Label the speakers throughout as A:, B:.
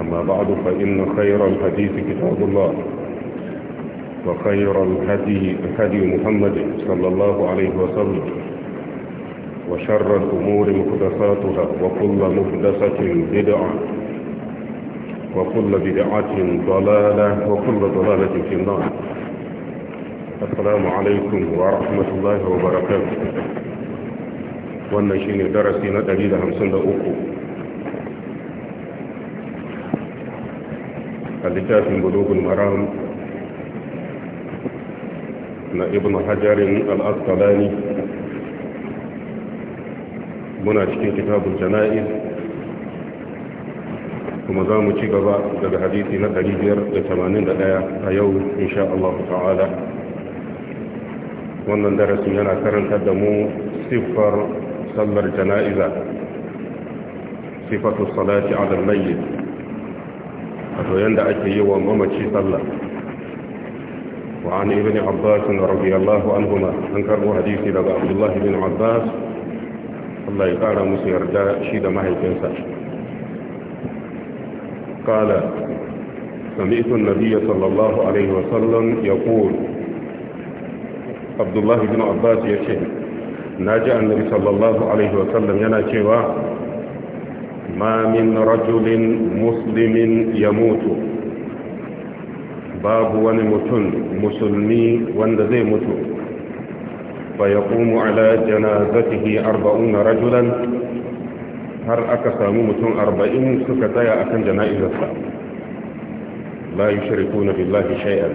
A: أما بعد فإن خير الحديث كتاب الله وخير الهدي هدي محمد صلى الله عليه وسلم وشر الأمور محدثاتها وكل محدثة بدعة وكل بدعة ضلالة وكل ضلالة في النار السلام عليكم ورحمة الله وبركاته wannan shine darasi همسند 153 حديثات بلوغ المرام من ابن حجر الأسطلاني من كتاب الجنائز ثم زام تشيكابا لدى حديثي لدى ليبير لثمانين دقايا أيوه، اليوم إن شاء الله تعالى wannan darasin yana karantar da mu siffar sallar jana'iza sifatu salati ala wato yanda ake yi wa mamaci sallah وعن ابن عباس رضي الله عنهما أنكروا حديثي لدى عبد الله بن عباس الله يقال مسير جاء شيد ما هي قال سمعت النبي صلى الله عليه وسلم يقول عبد الله بن عباس يشهد ناجى النبي صلى الله عليه وسلم يناشيوا ما من رجل مسلم يموت باب ونمتن مسلمي وندزي متن فيقوم على جنازته أربعون رجلا har aka sami mutum arba'in suka tsaya akan jana'izarsa la yi shirku na billahi shay'an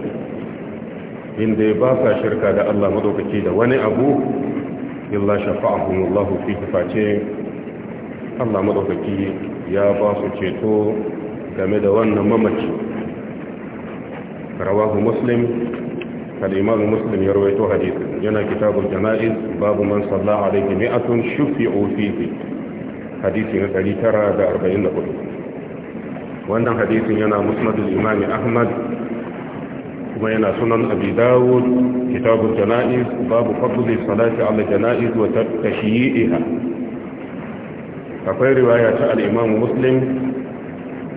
A: inda ya ba shirka da Allah madaukaki da wani abu illa shafa'ahumullahu fi face Allah madafaki ya ba su ceto game da wannan mamaci rawahu muslim kalimar muslim ya rawaito hadith yana kitabul jana'iz babu man salla alayhi mi'atun shufi'u fihi hadisi na 944 wannan hadisin yana musnad al ahmad kuma yana sunan abi dawud jana'iz babu fadli salati ala janaiz wa tashyi'iha akwai riwaya ta al-Imam Muslim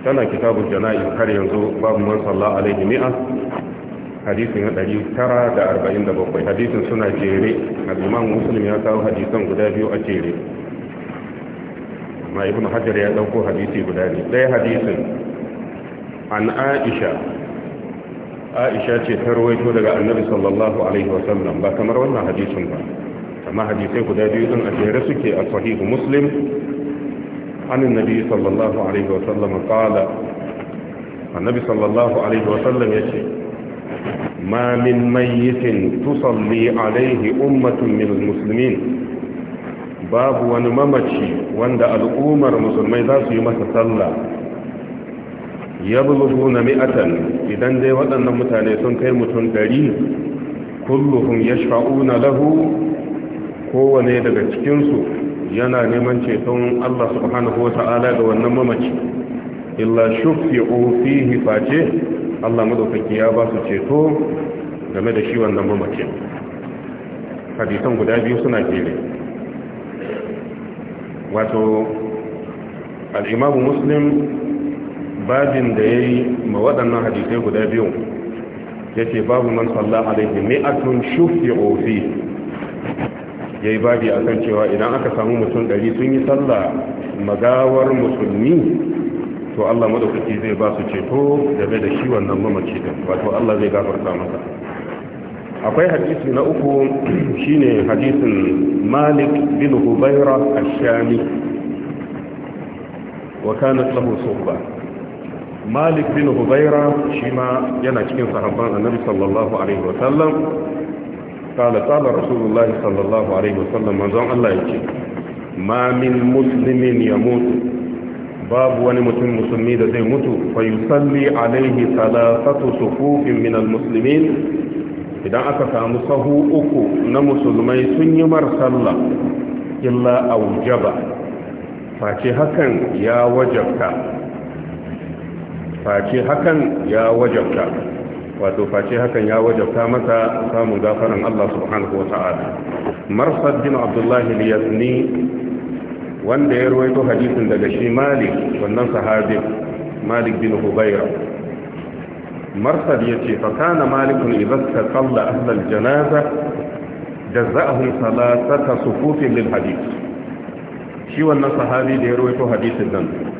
A: tana kitabul jana'iz har yanzu babu man salla alaihi mi'a hadisin 947 hadisin suna jere al-Imam Muslim ya kawo hadisan guda biyu a jere amma Ibn Hajar ya ɗauko hadisi guda ne ɗaya hadisin an Aisha aisha ce ta rawaito daga annabi sallallahu alaihi wasallam ba kamar wannan hadisin ba amma hadisai guda biyu din a jere suke a sahihu muslim عن النبي صلى الله عليه وسلم قال النبي صلى الله عليه وسلم يشي ما من ميت تصلي عليه أمة من المسلمين باب ونممتشي واند الأمر مسلمين ذات يوم تصلى يبلغون مئة إذن دي وطن متانيسون كيمتون قريب كلهم يشفعون له kowane daga cikinsu yana neman ceton Allah subhanahu wata'ala ga wannan mamaci illa shufi'u fihi face Allah madaukaki ya ba su ceto game da shi wannan mamacin hadisan guda biyu suna jere wato al'imamu muslim babin da ya yi ma waɗannan hadisai guda biyu ya ce babu man salla alaihi mi'atun shufi'u fihi ya yi babi a kan cewa idan aka samu mutum ɗari sun yi sallah magawar musulmi to allah maɗaukaki zai ba su ceto game da shi wannan mamaci da wato allah zai gafarta masa akwai hadisi na uku shine hadisin malik bin hubaira ashami wa kanat lahu suhba malik bin hubaira shi ma yana cikin sahabban annabi sallallahu alaihi wa sallam قال قال رسول الله صلى الله عليه وسلم منزون الله يجي ما من مسلم يموت باب وني متم مسلمي ده زي متو فيصلي عليه ثلاثه صفوف من المسلمين idan aka samu sahu uku na musulmai sun yi mar sallah illa aujaba face hakan ya wajabta face hakan ya wajabta wato face hakan ya wajabta masa samun gafaran Allah subhanahu wa ta'ala marsad bin Abdullahi al-yasni wanda ya ruwaito hadisin daga shi malik wannan sahabi malik bin hubayra marsad ya ce kana malikun idza salla ahla al-janaza jazza'ahum ta sufufin lil hadith shi wannan sahabi da ya ruwaito hadisin nan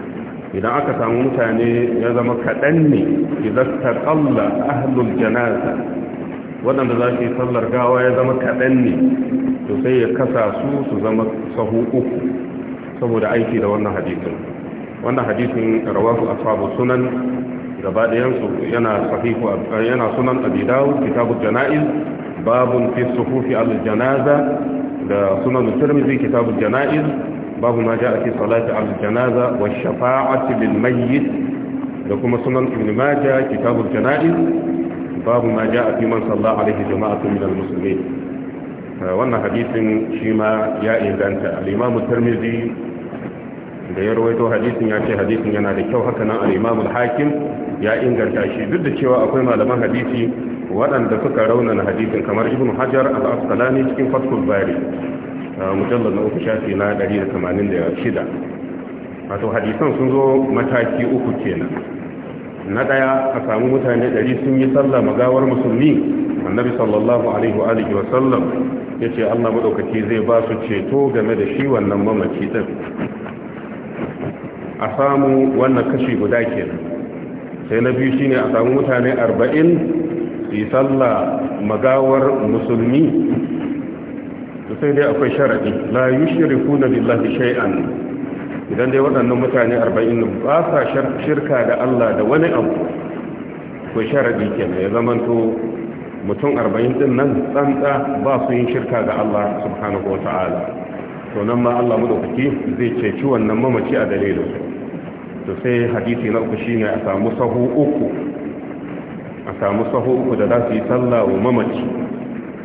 A: idan aka samu mutane ya zama kaɗan ne idan ta ƙalla ahlul janaza waɗanda za su yi sallar gawa ya zama kaɗan ne to sai ya kasa su su zama sahu uku saboda aiki da wannan hadisin wannan hadisin rawahu ashabu sunan gaba ɗayansu yana yana sunan abi dawud kitabu janaiz babun fi suhufi al janaza da sunan tirmidhi kitabu janaiz babu ma ja'a fi salati al-janaza wa shafa'ati lil da kuma sunan ibn majah kitabul janaiz babu ma ja'a fi man salla alaihi jama'atu min al-muslimin wannan hadisin shi ma ya inganta al-imam da ya rawaito hadisin ya ce hadisin yana da kyau hakanan nan al hakim ya inganta shi duk da cewa akwai malaman hadisi waɗanda suka raunana hadisin kamar ibn hajar al cikin fathul bari mujallar na uku shafi na 186 wato hadisan sun zo mataki uku kenan na daya a samu mutane 100 sun yi sallah magawar musulmi annabi sallallahu alaihi wa alihi wa sallam yace Allah madaukaki zai ba su ceto game da shi wannan mamaci din a samu wannan kashi guda kenan sai na biyu shine a samu mutane 40 su yi sallah magawar musulmi da sai dai akwai sharadi la yushrikuna billahi shay'an idan dai waɗannan mutane 40 ba sa shirka da Allah da wani abu akwai sharadi kenan ya zamanto mutum 40 ɗin nan tsantsa ba su yin shirka ga Allah subhanahu wa to nan ma Allah madaukaki zai ceci wannan mamaci a dalilin to sai hadisi na uku shine a samu sahu uku a samu sahu uku da za su yi sallah wa mamaci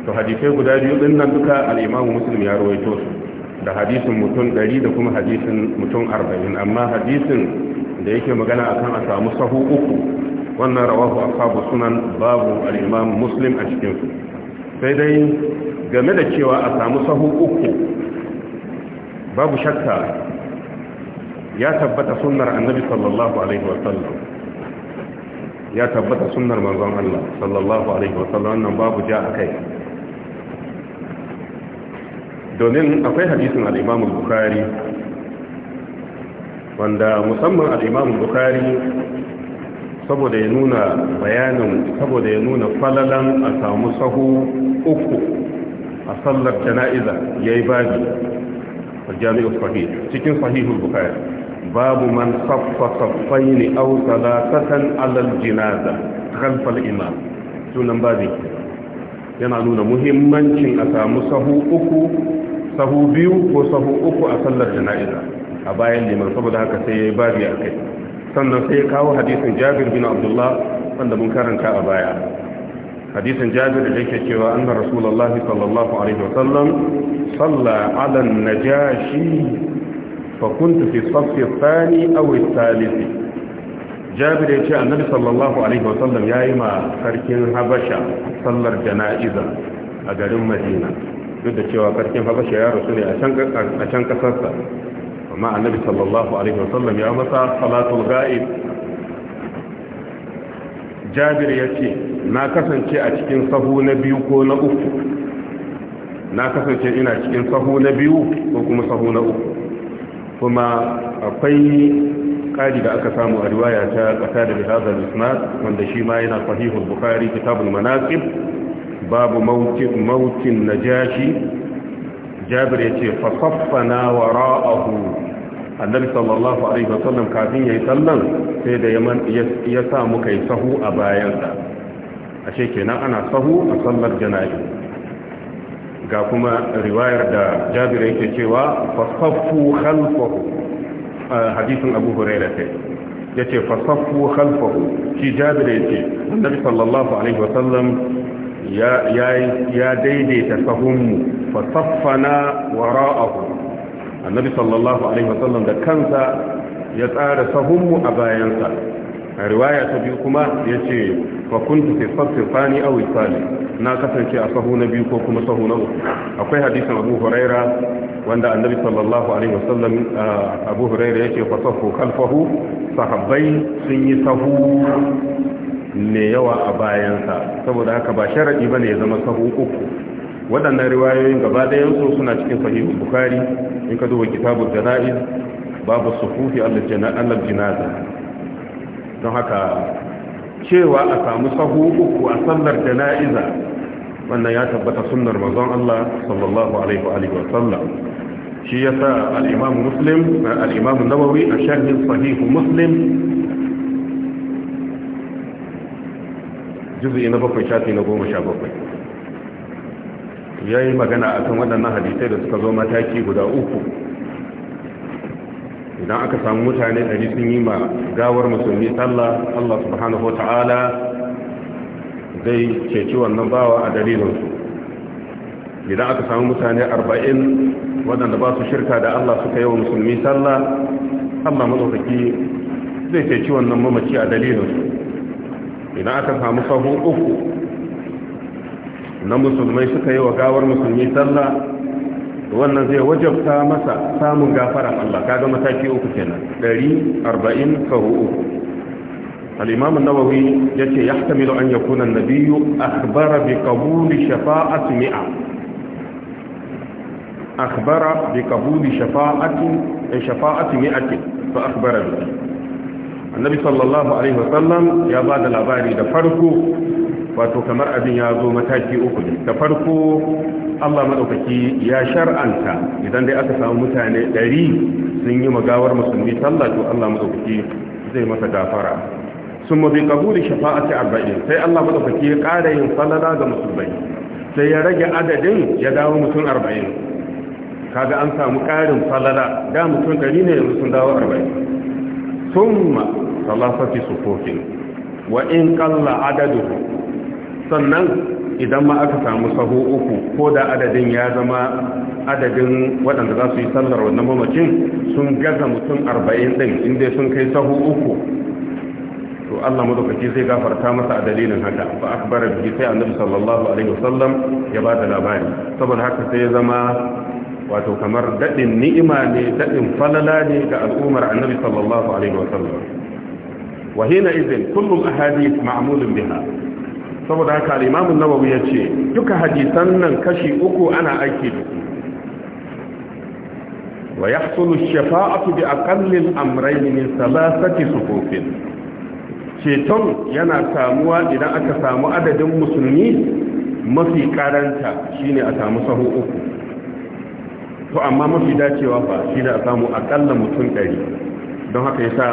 A: to hadisai guda biyu din nan duka al-imamu ya rawaito su da hadisin mutum 100 da kuma hadisin mutum 40 amma hadisin da yake magana akan a samu sahu uku wannan rawahu ashabu sunan babu al-imamu muslim a cikin su sai dai game da cewa a samu sahu uku babu shakka ya tabbata sunnar annabi sallallahu alaihi wasallam ya tabbata sunnar manzon Allah sallallahu alaihi wasallam wannan babu ja akai domin akwai hadisin al-Imam wanda musamman al-Imam saboda ya nuna bayanin saboda ya nuna falalan a samu sahu uku a sallar jana'iza ya yi al a Jami'ar sahih cikin Sahih al-Bukhari babu man saffa saffaini aw salatatan ta al alal khalf kan falima sunan babi yana nuna muhimmancin a samu sahu uku sahu biyu ko sahu uku a sallar jana'iza a bayan liman saboda haka sai ya yi bari a kai sannan sai ya kawo hadisin jabir bin abdullah wanda mun karanta a baya hadisin jabir da yake cewa anna rasulullah sallallahu alaihi wa sallam salla ala najashi fa kuntu fi safi thani aw thalith jabir ya ce annabi sallallahu alaihi wasallam ya yi ma sarkin habasha sallar jana'iza a garin madina duk da cewa sarkin habasha ya rasu ne a can kasarsa amma annabi sallallahu alaihi wasallam ya masa salatul ga'ib jabir ya ce na kasance a cikin sahu na biyu ko na uku na kasance ina cikin sahu na biyu ko kuma sahu na uku kuma akwai kari da aka samu a riwaya ta kasa da bihazar isnad wanda shi ma yana sahihul bukhari kitabul manaqib babu mautin mautin najashi jabir yace fa saffana wara'ahu annabi sallallahu alaihi wasallam kafin yayi sallan sai da ya sa muka yi sahu a bayansa ashe kenan ana sahu a sallar jana'i ga kuma riwayar da jabir yake cewa fa saffu khalfahu hadisin abu huraira sai ya ce fasaffu khalfahu shi jabir ya ce annabi sallallahu alaihi wasallam ya ya daidaita sahunmu fasaffana wara'ahu annabi sallallahu alaihi wasallam da kansa ya tsara sahunmu a bayansa a riwaya ta biyu kuma ya ce fa kuntu fi saffin fani aw isali na kasance a sahu na biyu ko kuma sahu na uku akwai hadisin abu huraira wanda annabi sallallahu alaihi wasallam abu huraira yake fasafu kalfahu sahabbai sun yi sahu ne yawa a bayansa saboda haka ba sharadi ne ya zama sahu uku waɗannan riwayoyin gaba ɗayan su suna cikin sahihu bukhari in ka duba kitabul janaiz babu sufufi allal janaza don haka cewa a samu sahu uku a sallar jana'iza wannan ya tabbata sunnar manzon Allah sallallahu alaihi wa alihi sallam shi yasa al-Imam Muslim al-Imam Nawawi a sharhin sahih Muslim juz'i na bakwai shafi na goma sha bakwai ya yi magana akan kan waɗannan hadisai da suka zo mataki guda uku idan aka samu mutane ɗari sun yi ma gawar musulmi sallah allah subhanahu wa ta'ala zai ceci wannan bawa a dalilinsu idan aka samu mutane arba'in waɗanda ba su shirka da Allah suka yi wa musulmi sallah amma matsaukaki zai ceci wannan mamaci a dalilinsu idan aka samu sahun uku na musulmai suka yi wa gawar musulmi sallah wannan zai wajabta masa samun gafara Allah kaga mataki uku kenan 140 sahu uku الإمام النووي يتي يحتمل أن يكون النبي أخبر بقبول شفاعة مئة أخبر بقبول شفاعة شفاعة مئة فأخبر به النبي صلى الله عليه وسلم يا بعد الأباري دفركو wato kamar abin ya zo mataki uku da farko allah maɗaukaki ya shar'anta idan dai aka samu mutane ɗari sun yi gawar musulmi sallah to allah maɗaukaki zai masa gafara sun mafi kabuli shafa'ati arba'in sai Allah madaukaki ya ƙara yin falala ga musulmai sai ya rage adadin ya dawo mutum arba'in kaga an samu ƙarin falala da mutum ɗari ne yanzu sun dawo arba'in sun ma su kofi wa in ƙalla adadu sannan idan ma aka samu saho uku ko da adadin ya zama adadin waɗanda za su yi sallar wannan mamacin sun gaza mutum arba'in ɗin inda sun kai saho uku to Allah madaukaki zai gafarta masa a dalilin haka fa akbara bihi sai annabi sallallahu alaihi wasallam ya bada labari saboda haka sai ya zama wato kamar dadin ni'ima ne dadin falala ne ga al'ummar annabi sallallahu alaihi wasallam wa hina idin kullu ahadith ma'mulun biha saboda haka al-imam an-nawawi yace duka hadisan nan kashi uku ana aiki da su ويحصل الشفاعة بأقل الأمرين من ثلاثة صفوف ceton yana samuwa idan aka samu adadin musulmi mafi karanta shine a samu sahu uku to amma mafi dacewa ba shi da a samu akalla mutum ɗari don haka yasa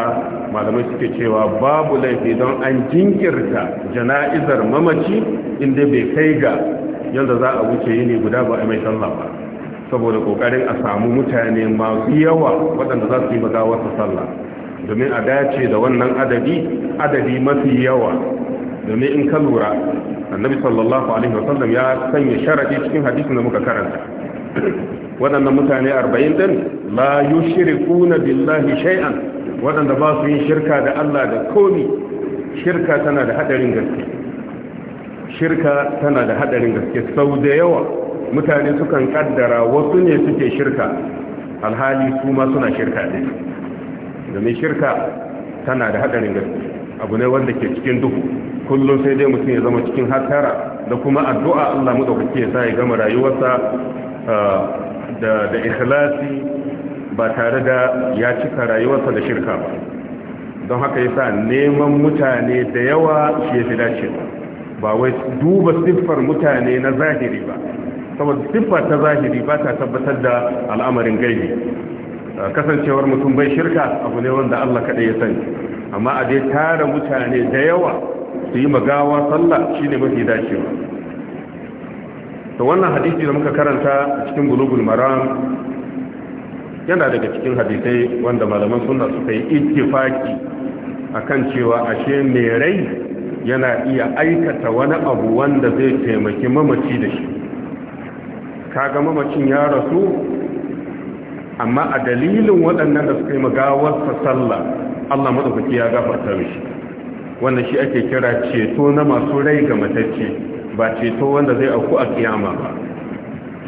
A: malamai suke cewa babu laifi don an jinkirta jana'izar mamaci inda bai kai ga yadda za a wuce yini guda ba a mai sallah ba saboda kokarin a samu mutane masu yawa waɗanda za su yi sallah domin a dace da wannan adadi adadi mafi yawa domin in ka lura annabi sallallahu alaihi wasallam ya sanya sharadi cikin hadisin da muka karanta waɗannan mutane 40 din la yushrikuna billahi shay'an waɗanda ba su yin shirka da Allah da komi shirka tana da hadarin gaske shirka tana da hadarin gaske sau da yawa mutane sukan kaddara wasu ne suke shirka alhali su ma suna shirka ne mai shirka tana da hadarin gaske abu ne wanda ke cikin duhu kullum sai dai mutum ya zama cikin hatara da kuma addu'a Allah madaukake ya sa ya gama rayuwarsa ah, da da ikhlasi ba tare da ya cika rayuwarsa da shirka ba don haka yasa neman mutane da yawa shi ya fi ba wai duba siffar mutane na zahiri ba saboda siffar ta zahiri ba ta tabbatar da al'amarin gaibi kasancewar mutum bai shirka abu ne wanda Allah kaɗai ya sani amma a dai tara mutane da yawa su yi magawa sallah shine mafi dacewa to wannan hadisi da muka karanta a cikin bulugul maram yana daga cikin hadisai wanda malaman sunna suka yi ittifaki akan cewa ashe me rai yana iya aikata wani abu wanda zai taimaki mamaci da shi kaga mamacin ya rasu amma a dalilin waɗannan da suka yi magawar sallah Allah maɗaukaki ya gafarta mishi wanda shi ake kira ceto na masu rai ga matacce ba ceto wanda zai auku a kiyama ba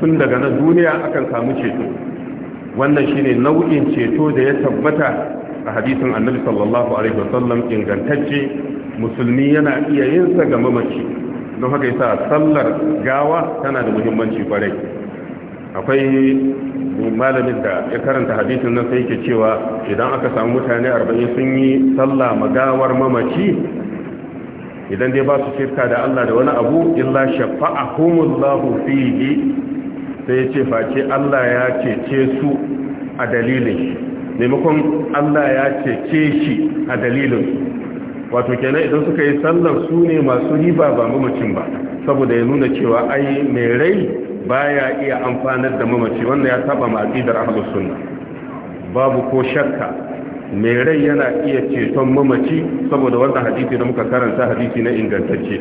A: tun daga na duniya akan samu ceto wannan shine nau'in ceto da ya tabbata a hadisin annabi sallallahu alaihi wasallam ingantacce musulmi yana iya yin sa ga mamaci don haka yasa sallar gawa tana da muhimmanci kwarai akwai malamin da ya karanta hadisin nan sai yake cewa idan aka samu mutane 40 sun yi sallah magawar mamaci idan dai ba su shirka da Allah da wani abu illa shafa'ahumullahu fihi sai ya ce face Allah ya cece su a dalilin shi maimakon Allah ya cece shi a dalilin wato kenan idan suka yi sallar su ne masu riba ba mamacin ba saboda ya nuna cewa ai mai rai baya iya amfanar da mamaci wanda ya taba ma aqidar ahlus sunna babu ko shakka mai rai yana iya ceton mamaci saboda wannan hadisi da muka karanta hadisi na ingantacce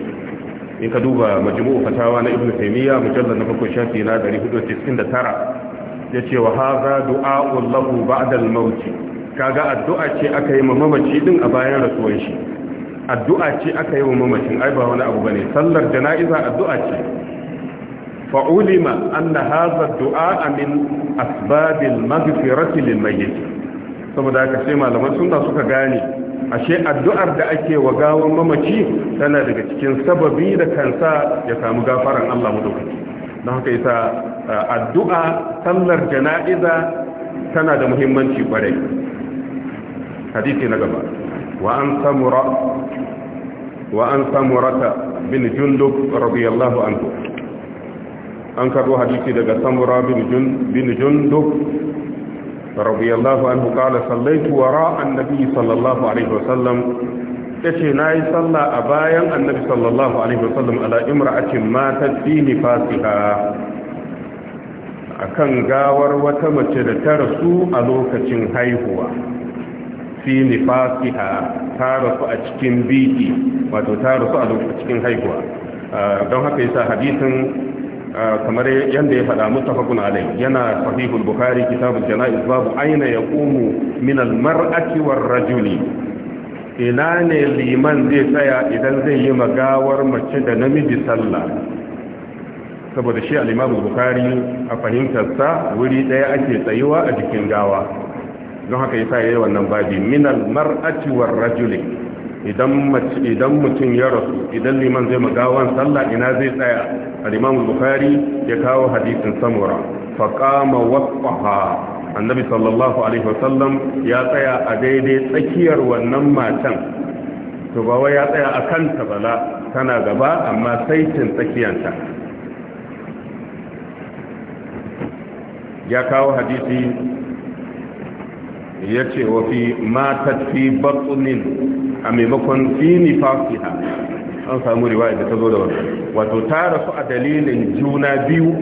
A: in ka duba majmu'u fatawa na ibnu taymiya mujallal na farko shafi na 499 yace wa hadha du'a'u lahu ba'da al-maut kaga addu'a ce aka yi ma mamaci din a bayan rasuwan shi addu'a ce aka yi wa mamacin ai ba wani abu bane sallar jana'iza addu'a ce فعلم أن هذا الدعاء من أسباب المغفرة للميت ثم ذاك malamai لما suka gane ashe addu'ar da ake wa gawan mamaci tana daga cikin sababi da kansa ya samu gafaran Allah madaukaki don haka yasa addu'a sallar jana'iza tana da muhimmanci kwarai hadisi na gaba wa an samura wa an samurata bin jundub radiyallahu anhu an karbo hadisi daga samura bin jundub radiyallahu anhu qala sallaitu wara annabi sallallahu alaihi wasallam yace nayi sallah a bayan annabi sallallahu alaihi wasallam ala imra'atin matat fi nifasiha akan gawar wata mace da ta rasu a lokacin haihuwa fi nifasiha ta rasu a cikin biki wato ta rasu a lokacin haihuwa ah, don haka yasa hadisin kamar yadda ya faɗa mutafakun alai yana sahihul bukhari kitabul jana'iz babu aina yaqumu min al mar'ati war rajuli ina ne liman zai tsaya idan zai yi magawar mace da namiji sallah saboda shi al-imam bukhari a sa wuri daya ake tsayuwa a jikin gawa don haka yasa yayi wannan babi min al mar'ati war rajuli idan mutum ya rasu idan liman zai magawan sallah ina zai tsaya al-imam ya kawo hadisin samura fa qama annabi sallallahu alaihi wasallam ya tsaya a daidai tsakiyar wannan matan to ba wai ya tsaya a kanta bala tana gaba amma saitin tsakiyarta ya kawo hadisi ya ce wa fi matat fi batsunin a maimakon fi nifasiha an samu riwaya da ta zo da wata wato tara su a dalilin juna biyu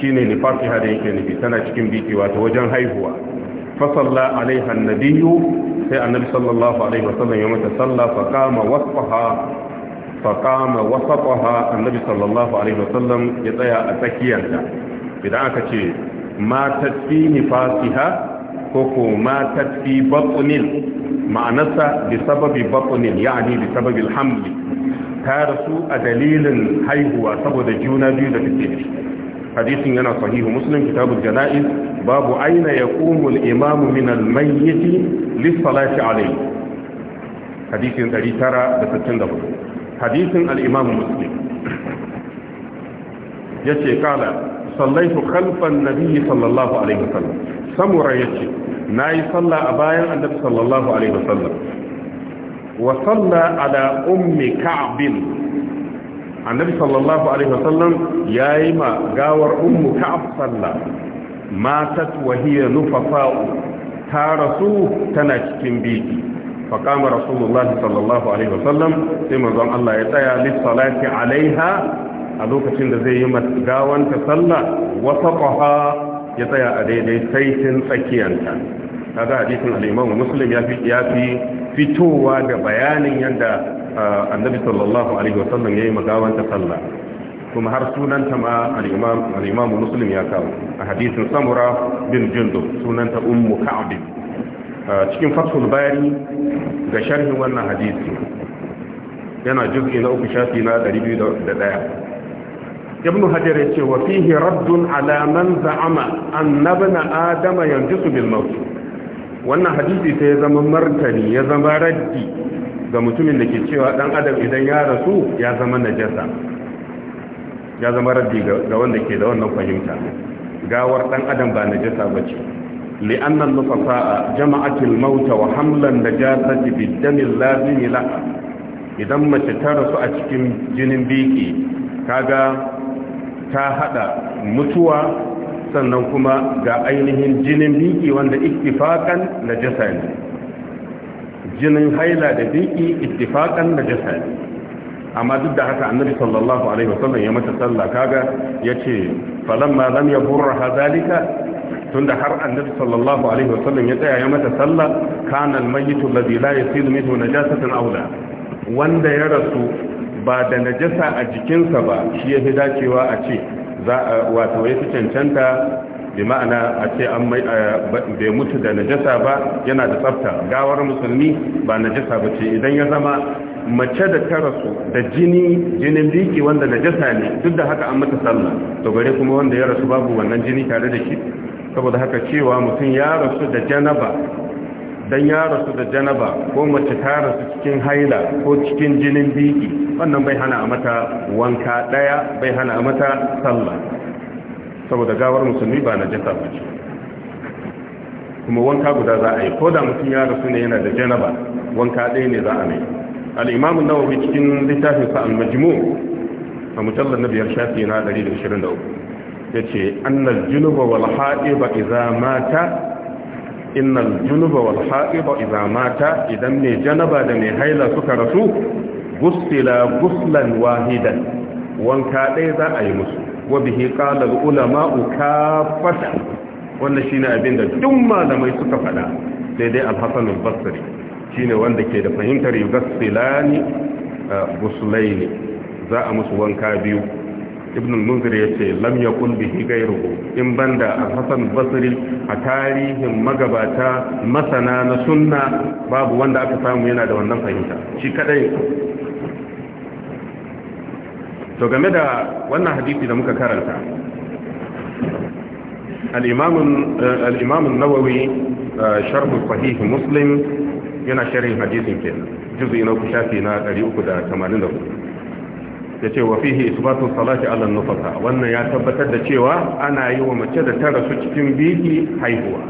A: shine nifasiha da yake nufi tana cikin biki wato wajen haihuwa fasalla alaiha nabiyyu sai annabi sallallahu alaihi wasallam ya mata salla fa qama wasfaha fa qama wasfaha annabi sallallahu alaihi wasallam ya tsaya a tsakiyarta idan aka ce ma fi nifasiha ko ko ma tatfi batnin ma'anarsa bi sababi ya yani bi sababi alhamli ta rasu a dalilin haihuwa saboda juna biyu da take da shi hadisin yana sahihu muslim kitabul janaiz babu aina yaqumu al-imamu min al-mayyit lis-salati alayhi hadisin 964 hadisin al-imamu ya ce kala sallaitu khalfan nabiy sallallahu alaihi wasallam samura ce na yi sallah a bayan annabi sallallahu alaihi wasallam wa salla ala ummi ka'bin annabi sallallahu alaihi wasallam yayi ma gawar ummu ka'ab sallah matat wa hiya nufafa'u ta rasu tana cikin biki فقام رسول الله صلى الله عليه وسلم ثم زم الله يتايا للصلاة عليها ألوك تند زي يمت غاوان تصلى وسطها ya tsaya a daidai saitin tsakiyanta Ta hadisin a jikin Muslim musulun ya fi fitowa ga bayanin yadda uh, Annabi sallallahu alaihi wasallam yayi magawanta sallah kuma har sunanta ma al musulun ya kawo a hadisin Samura bin Jindu sunanta Ummu Ka'b uh, cikin fasul Bari ga sharhin wannan hadisi yana juz'i na uku shafi na 201 ibn hajar ya ce wa fihi raddun ala man za'ama annabna adama yanjisu bil maut wannan hadisi sai ya zama martani ya zama raddi ga mutumin da ke cewa dan adam idan ya rasu ya zama najasa ya zama raddi ga wanda ke da wannan fahimta gawar dan adam ba najasa bace li'anna an-nufasa'a jama'at al-maut wa hamlan najasati bid-dam al-lazim laha idan mace ta rasu a cikin jinin biki kaga ta hada mutuwa sannan kuma ga ainihin jinin biki wanda ittifakan najasa ne jinin haila da biki ittifakan najasa ne amma duk da haka annabi sallallahu alaihi wasallam ya mata sallah kaga yace falamma lam yaburra hadalika tunda har annabi sallallahu alaihi wasallam ya tsaya ya mata sallah kana almayyitu alladhi la yasilu minhu najasatan awla wanda ya rasu ba da najasa a jikinsa ba shi ya fi dacewa a ce wato ya fi cancanta bi ma'ana a ce an bai mutu da najasa ba yana da tsafta gawar musulmi ba najasa ba ce idan ya zama mace da ta rasu da jini jinin biki wanda najasa ne duk da haka an mata sallah to gare kuma wanda ya rasu babu wannan jini tare da shi saboda haka cewa mutum ya rasu da janaba dan ya rasu da janaba ko mace ta rasu cikin haila ko cikin jinin biki wannan bai hana a mata wanka daya bai hana a mata sallah saboda gawar musulmi ba na najasa ba ce kuma wanka guda za a yi ko da mutum ya rasu ne yana da janaba wanka ɗaya ne za a mai al-imam an cikin littafin sa al-majmu' a mujallal na biyar shafi na 123 yace annal junuba wal ha'iba idza mata innal junuba wal ha'iba idza mata idan mai janaba da mai haila suka rasu gusila guslan wahidan wanka ɗaya za a yi musu wa bihi qala al ulama kafata wannan shine abin da duk malamai suka faɗa sai dai al-hasan al-basri shine wanda ke da fahimtar yugassilani ah, guslaini za a musu wanka biyu ibn al-munzir yace lam yakun bihi ghayruhu in banda al-hasan basri a tarihin magabata masana na sunna babu wanda aka samu yana da wannan fahimta shi kadai to game da wannan hadisi da muka karanta al-imam al-imam an-nawawi eh, sharh sahih muslim yana sharhin hadisin kenan juz'i na shafi na 384 ya ce wa fihi isbatun salati ala nufasa wannan ya tabbatar da cewa ana yi wa mace da ta rasu cikin biki haihuwa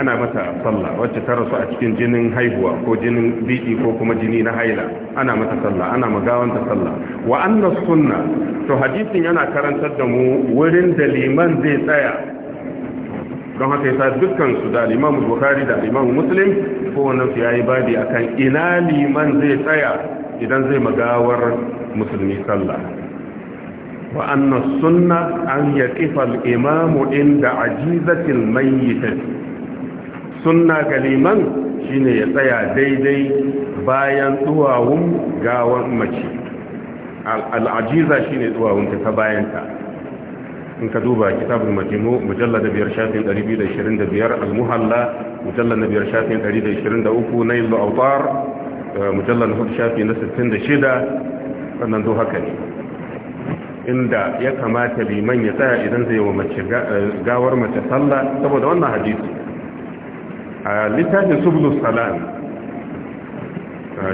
A: ana mata sallah wacce ta rasu a cikin jinin haihuwa ko jinin biki ko kuma jini na haila ana mata sallah ana ta sallah wa annas sunna to hadisin yana karantar da mu wurin da liman zai tsaya don haka yasa dukkan su da liman Bukhari da liman Muslim ko wannan su yayi babi akan ina liman zai tsaya idan zai magawar musulmi sallah wa anna sunna an yaqifa al-imam inda ajizati al-mayyit sunna galiman liman shine ya tsaya daidai bayan duwawun gawan mace al-ajiza shine duwawun ta bayan ta in ka duba kitabul majmu mujallad 5 shafin 225 al-muhalla mujallad 5 shafin 123 nail al-awtar mujallar na hudu shafi na 66 wannan zo haka ne inda ya kamata liman ya tsaya idan zai wa mace eh, gawar mace sallah saboda wannan hadisi a littafin sublus salam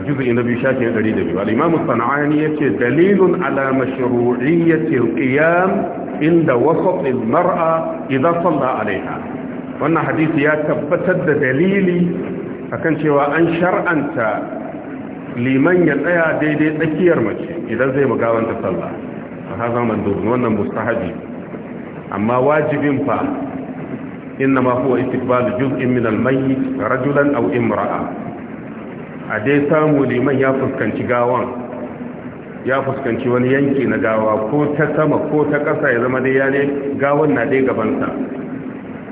A: juzi na biyu shafi na 102 al'imamu sana'ani ya ce dalilun ala mashru'iyyatil qiyam inda wasatil mar'a idan salla alaiha wannan hadisi ya tabbatar da dalili akan cewa an shar'anta liman ya tsaya daidai tsakiyar mace idan zai magabanta sallah a haza mandubin wannan mustahabi amma wajibin fa inna ma huwa istiqbalu juz'in min al-mayyit rajulan aw imra'a a dai samu liman ya fuskanci gawan ya fuskanci wani yanki na gawa ko ta sama ko ta ƙasa ya zama dai ya ne gawan na dai gabansa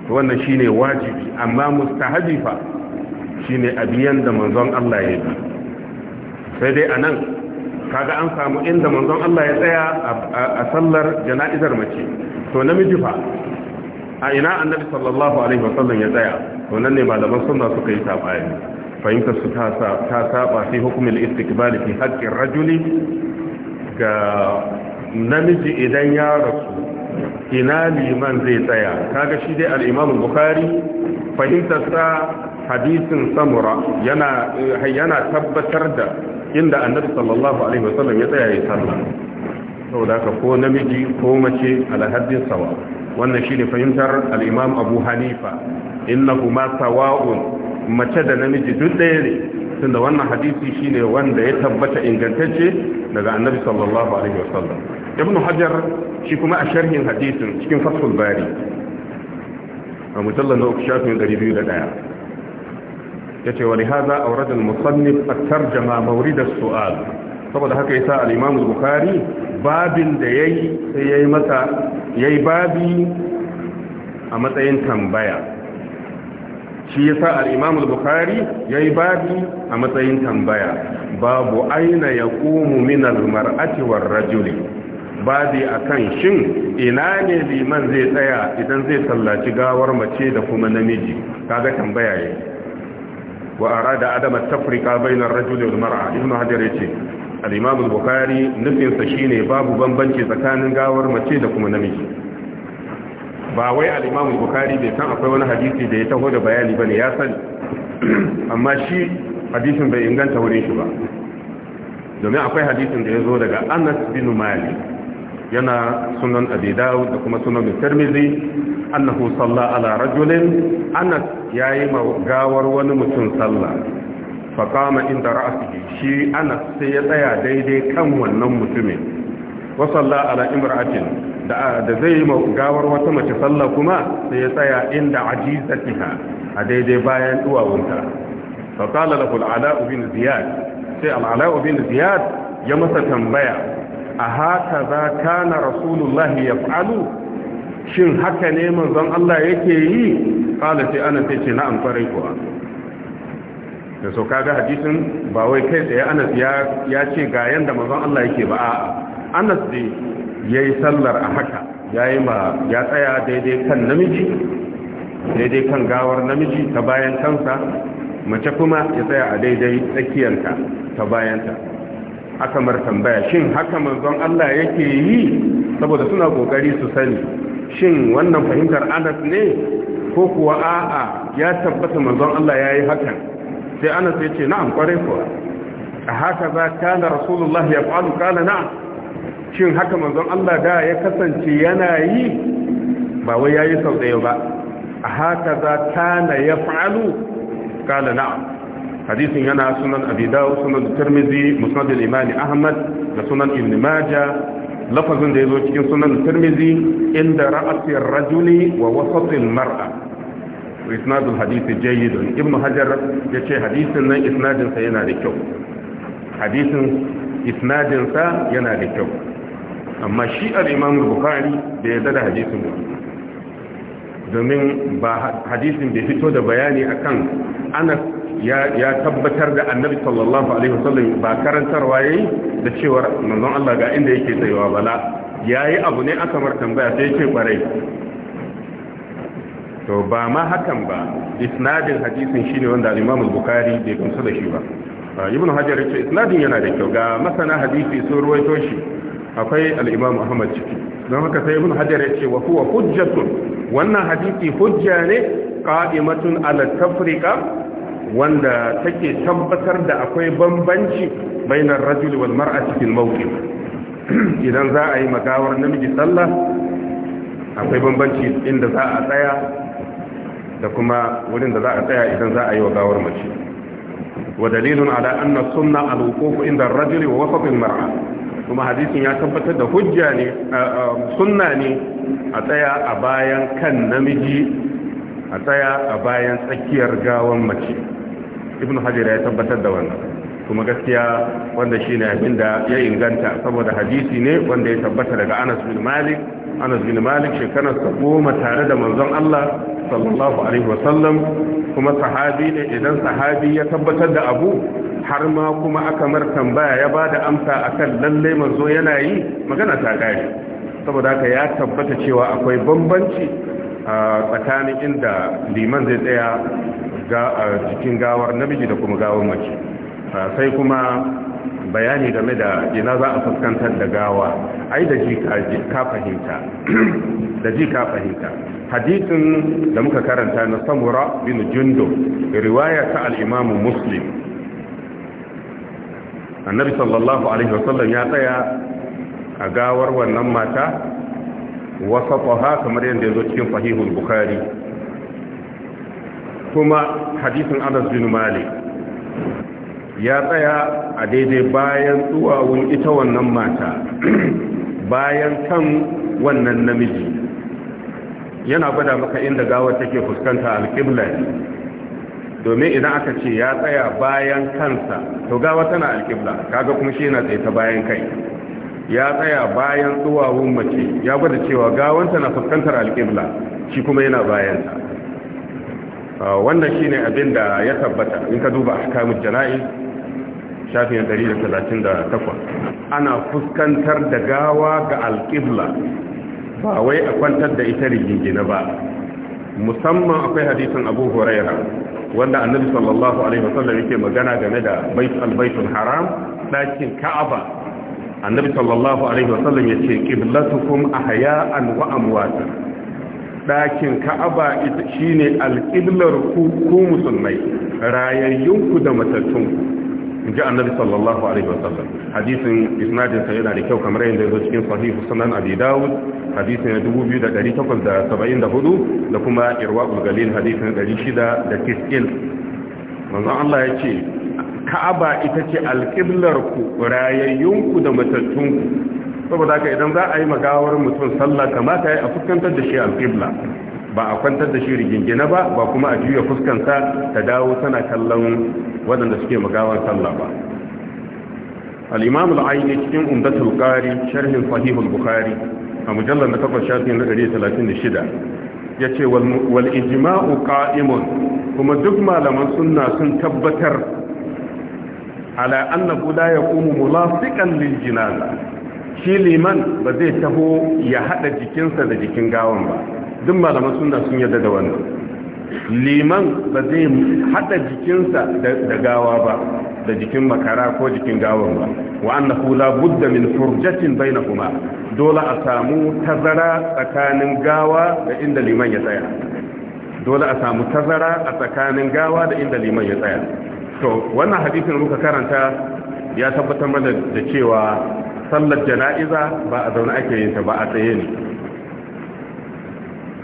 A: wannan shine wajibi amma mustahabi fa shine abiyan da manzon Allah ya yi sai dai a nan kaga an samu inda manzon Allah ya tsaya a sallar jana'izar mace to namiji fa a ina annabi sallallahu alaihi wasallam ya tsaya to nan ne malaman sunna suka yi sabani fahimtar su ta saba fi hukumin istiqbal fi ar rajuli ga namiji idan ya rasu ina liman zai tsaya kaga shi dai al-imam bukhari fahimtar sa hadisin samura yana tabbatar da inda annabi sallallahu alaihi wasallam ya tsaya ya sallah saboda ka ko namiji ko mace alhaddin sawa wannan shine fahimtar al-imam abu hanifa innahu ma sawa'un mace da namiji duk ɗaya ne tunda wannan hadisi shine wanda ya tabbata ingantacce daga annabi sallallahu alaihi wasallam ibnu hajar shi kuma a sharhin hadisin cikin fathul bari a mujallar na uku shafin 201 yace wa lihaza awrad al-musannif at-tarjama mawrid as-su'al saboda haka yasa al-imam al-bukhari babin da yayi sai yayi mata yayi babi a matsayin tambaya shi yasa al-Imam al-Bukhari yayi babi a matsayin tambaya babu aina yaqumu min al-mar'ati war-rajuli babu akan shin ina ne liman zai tsaya idan zai sallaci gawar mace da kuma namiji kaga tambaya yayi wa arada adama tafrika bainar rajuli wal mar'a ibn hajar yace al-Imam al-Bukhari nufinsa shine babu bambanci tsakanin gawar mace da kuma namiji ba wai al-Imam Bukhari bai san akwai wani hadisi da ya taho da bayani bane ya sani amma shi hadisin bai inganta wurin shi ba domin akwai hadisin da ya zo daga Anas bin Malik yana sunan Abi da kuma sunan Tirmidhi annahu salla ala rajulin Anas yayi gawar wani mutum sallah fa inda ra'sihi shi Anas sai ya tsaya daidai kan wannan mutumin wa salla ala imra'atin da zai yi gawar wata mace sallah kuma sai ya tsaya inda ajizatiha a daidai bayan duwawunta fa qala lahu ziyad sai al-ala ziyad ya masa tambaya a haka za kana rasulullahi yaf'alu shin haka ne manzon Allah yake yi qala sai ana sai ce na kwarai kuwa da so kaga hadisin ba wai kai tsaye Anas ya ce ga yanda manzon Allah yake ba a'a Anas dai ya yi sallar a haka ya yi ma ya tsaya daidai kan namiji daidai kan gawar namiji ta bayan kansa mace kuma ya tsaya a daidai tsakiyarta ta bayanta aka tambaya shin haka manzon Allah yake yi saboda suna kokari su sani shin wannan fahimtar Anas ne ko kuwa a'a ya tabbata manzon Allah yayi hakan sai Anas ya ce na'am kware kuwa haka za kana ya falu kana na'am shin haka manzon Allah da ya kasance yana yi ba wai yayi sau daya ba a haka za ta na ya fa’alu qala na'am hadisin yana sunan abi dawud sunan tirmidhi musnad al-imam ahmad da sunan ibn majah lafazin da yazo cikin sunan tirmidhi inda ra'asi ar-rajuli wa wasat al-mar'a isnad al-hadith jayyid ibn hajar yace hadisin nan isnadin sa yana da kyau hadisin isnadin sa yana da kyau amma shi al'imamun bukari da ya zada hadisun domin ba hadisin bai fito da bayani akan anas ya tabbatar da annabi sallallahu alaihi wasallam ba karantarwa yayi da cewar manzon Allah ga inda yake tsayawa bala yayi abu ne aka mar tambaya sai yake kwarai to ba ma hakan ba isnadin hadisin shine wanda al-Imam al-Bukhari bai gamsu da shi ba ibn Hajar ya ce isnadin yana da kyau ga masana hadisi sun ruwaito shi akwai al-imam ahmad ciki don haka sai ibn hajar ya ce wa kuwa hujjatun wannan hadisi hujja ne qa'imatun ala wanda take tabbatar da akwai bambanci bainar rajuli wal mara cikin mawqif idan za a yi magawar namiji sallah akwai bambanci inda za a tsaya da kuma wurin da za a tsaya idan za a yi wa gawar mace wa dalilun ala anna sunna al-wuquf inda ar-rajuli wa wasat al-mar'a kuma hadisin ya tabbatar da hujja ne sunna ne a tsaya a bayan kan namiji a tsaya a bayan tsakiyar gawan mace ibn hajjira ya tabbatar da wannan kuma gaskiya wanda shi ne abinda ya inganta saboda hadisi ne wanda ya tabbata daga Anas bin Malik anas bin malik shekarar sa goma tare da manzon Allah sallallahu alaihi wasallam kuma sahabi ne idan sahabi ya tabbatar da abu har ma kuma aka mar tambaya ya bada amsa akan lalle manzo yana yi magana ta gari saboda haka ya tabbata cewa akwai bambanci tsakanin inda liman zai tsaya cikin gawar namiji da kuma gawar mace sai kuma bayani game da ina za a fuskantar da gawa ai da ji ka fahimta da hadisin da muka karanta na samura bin jundo riwaya ta al-imam muslim annabi sallallahu alaihi wasallam ya tsaya a gawar wannan mata wasataha kamar yadda ya zo cikin fahimun bukhari kuma hadisin Anas bin Malik ya tsaya a daidai bayan tsuwawun ita wannan mata bayan kan wannan namiji yana gwada maka inda gawar take fuskanta alƙibla domin idan aka ce ya tsaya bayan kansa to gawa tana alƙibla kaga kuma shi yana tsaye ta bayan kai ya tsaya bayan tsuwawun mace ya gwada cewa gawanta na fuskantar alƙibla shi kuma yana bayan ta ah, wannan shine abin da ya tabbata in ka duba ahkamul jana'iz shafin 138 ana fuskantar da gawa ga alƙibla ba wai a kwantar da ita rigingina ba musamman akwai hadisin abu huraira wanda annabi sallallahu alaihi wasallam yake magana game da bait al-baitul haram dakin ka'aba annabi sallallahu alaihi wasallam yace qiblatukum an wa amwatan dakin ka'aba shine al-qiblar ku ku musulmai rayayyunku da matattun in ji annabi sallallahu alaihi wasallam hadisin isnadin sa yana da kyau kamar yadda zo cikin sahihu sunan abi dawud hadisin na biyu da kuma irwaul galil hadisin 690 manzon Allah ya ce ka'aba ita ce alkiblar ku rayayyunku da ku saboda haka idan za a yi magawar mutum sallah kamata ya fuskantar da shi alqibla ba a kwantar da shi rigingina ba ba kuma a juya fuskansa ta dawo tana kallon waɗanda suke magawar sallah ba al aini cikin umdatul qari sharhin sahih al-bukhari a mujallar na 8 shafin 136 yace wal wal ijma'u qa'imun kuma duk malaman sunna sun tabbatar ala annahu la yaqumu mulafiqan lil jinaza shi liman ba zai taho ya haɗa jikinsa da jikin gawan ba duk malaman suna sun yadda da wannan liman ba zai hada jikinsa da gawa ba da jikin makara ko jikin gawan ba wa annahu la budda min furjatin kuma dole a samu tazara tsakanin gawa da inda liman ya tsaya dole a samu tazara a tsakanin gawa da inda liman ya tsaya to wannan hadisin muka karanta ya tabbatar mana da cewa sallar jana'iza ba a zaune ake yin ta ba a tsaye ne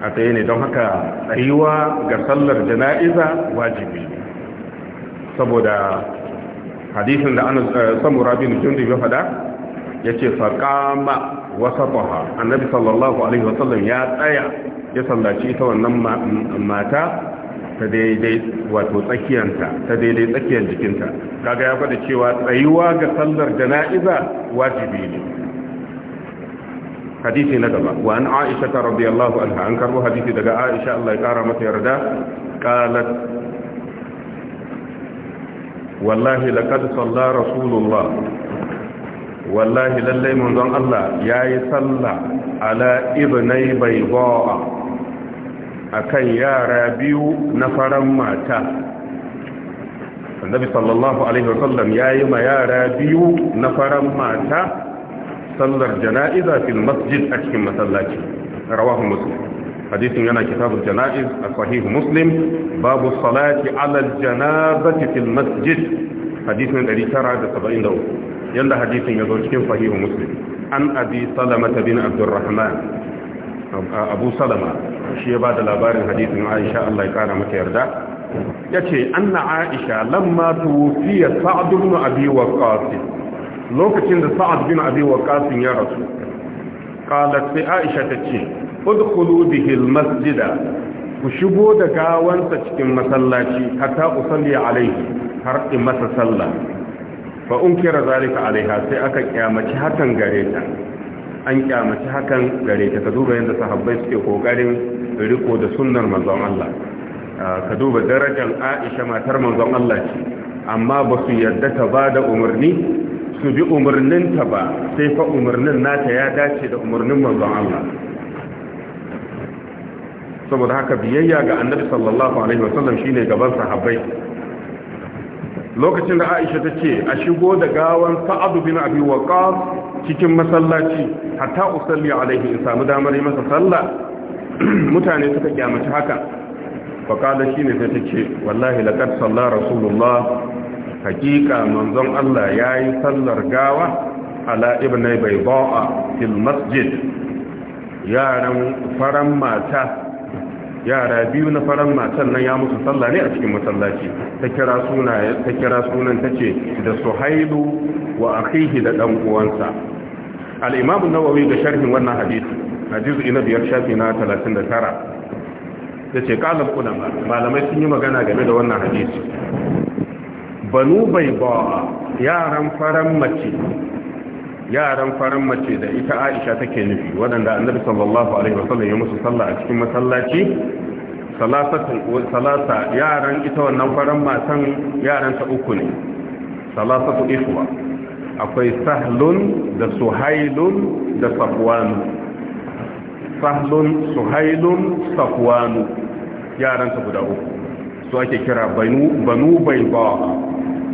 A: a tsaye ne don haka tsayuwa ga sallar jana'iza wajibi saboda hadisin da ana eh, samura bin jundi ya fada ya ce faƙama wasa ƙwaha annabi sallallahu alaihi wasallam ya tsaya ya sallaci ita wannan mata ta daidai wato tsakiyanta ta daidai tsakiyar jikinta kaga ya faɗa cewa tsayuwa ga sallar jana'iza wajibi ne حديثي نقبا وأن عائشة رضي الله عنها أنكروا حديثي دقاء عائشة الله يكارم تيردا قالت والله لقد صلى رسول الله والله للي منذ الله يا يصلى على ابني بيضاء أكي يا ربي نفر ماتا النبي صلى الله عليه وسلم يا يما يا ربي نفر ماتا sallar jana'iza fil masjid a cikin masallaci rawahu muslim hadisin yana kitabul jana'iz a sahih muslim babu salati ala janazati fil masjid hadisin 973 yanda hadisin ya zo cikin sahih muslim an abi salama bin abdurrahman abu salama shi ya bada labarin hadisin aisha Allah ya kara mata yarda yace anna aisha lamma tuwfiya sa'd ibn abi waqqas lokacin da sa'ad bin abi waqas ya rasu qalat sai aisha tace udkhulu bihi almasjida ku shigo da gawansa cikin masallaci hatta usalli alaihi har in masa sallah fa unkira zalika alaiha sai aka kyamaci hakan gare ta an kyamaci hakan gare ta ka duba yadda sahabbai suke kokarin riko da sunnar manzon Allah ah, ka duba darajar Aisha matar manzon Allah ce amma ba su yarda ta ba da umarni su bi umarninta ba sai fa umarnin nata ya dace da umarnin manzon Allah saboda haka biyayya ga annabi sallallahu alaihi wasallam shine gaban sahabbai lokacin da Aisha ta ce a shigo da gawan Sa'ad bin Abi Waqqas cikin masallaci hatta usalli alaihi in samu damar yi masa sallah mutane suka kyamaci haka fa kala shine sai ta ce wallahi laqad sallallahu rasulullah hakika manzon Allah ya yi sallar gawa ala ibnai bai ba'a fil masjid yaran faran mata yara biyu na faran matan nan ya musu sallah ne a cikin masallaci ta kira sunan ta kira sunan tace da suhailu wa akhihi da dan uwansa al-imam an-nawawi da sharhin wannan hadisi hadisi ina biyar shafi na 39 yace qala ulama malamai sun yi magana game da wannan hadisi banu bai ba yaran faran mace yaran faran mace da ita aisha take nufi waɗanda annabi sallallahu alaihi wasallam ya musu sallah a cikin masallaci salasa yaran ita wannan faran matan yaran ta uku ne salasatu ikhwa akwai sahlun da suhailun da safwanu sahlun suhailun safwanu yaran ta guda uku su ake kira banu banu ba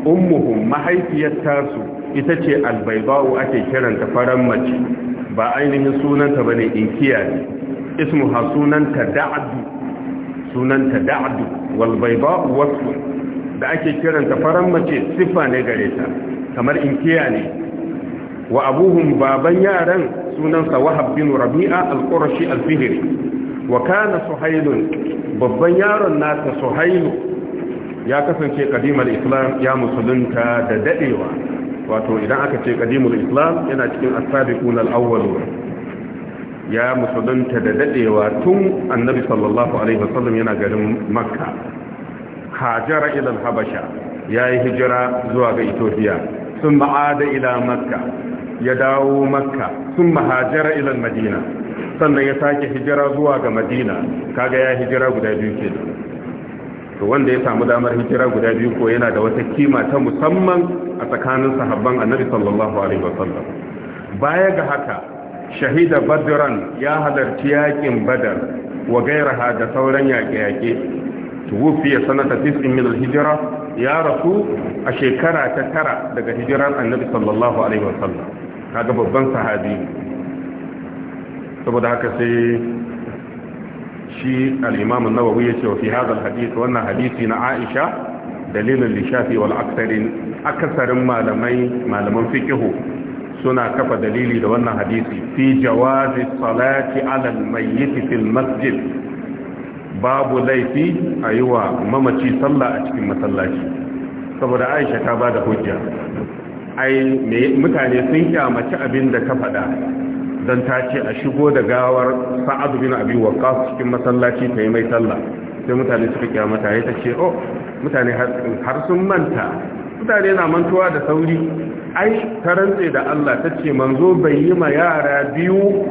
A: ummuhum mahaifiyar tasu ita ce albaiba'u ake kiranta faran mace ba ainihin sunanta bane inkiya ne ha sunanta da'adu sunanta da'adu wal baiba'u wasfu da ake kiranta faran mace siffa ne gare ta kamar inkiya ne wa abuhum baban yaran sunansa wahab bin rabi'a al-qurashi al-fihri wa kana suhailun babban yaron nata suhailu ya kasance kadimar islam ya musulunta da dadewa wato idan aka ce kadimar islam yana cikin asabiqun al-awwalun ya musulunta da dadewa tun annabi sallallahu alaihi wasallam yana garin makka hajara ila al-habasha yayi hijira zuwa ga ethiopia sun ma'ada ila makka ya dawo makka sun mahajara ila madina sannan ya sake hijira zuwa ga madina kaga ya hijira guda biyu kenan to wanda ya samu damar hijira guda biyu ko yana da wata kima ta musamman a tsakanin sahabban annabi sallallahu alaihi wasallam baya ga haka shahida badran ya halarci yakin badar wa gairaha da sauran yaƙe-yaƙe tuwufiya sanata tisin min hijira ya rasu a shekara ta tara daga hijiran annabi sallallahu alaihi wasallam kaga babban sahabi saboda haka sai shi al'imamin imam ya nawawi yace wa fi hadha wannan hadisi na Aisha dalilin lishafi wal aksarin malamai malaman fikihu suna kafa dalili da wannan hadisi fi jawazi salati alal, al fil masjid babu laifi a yiwa mamaci sallah a cikin masallaci saboda Aisha ta bada hujja ai mutane sun kyamaci abin da ka faɗa don ta ce a shigo da gawar sa'adu bin abi waqqas cikin masallaci ta yi mai sallah sai mutane suka kyamata ya ta ce oh mutane har sun manta mutane na mantuwa da sauri ai ta rantse da Allah ta ce manzo bai yi ma yara biyu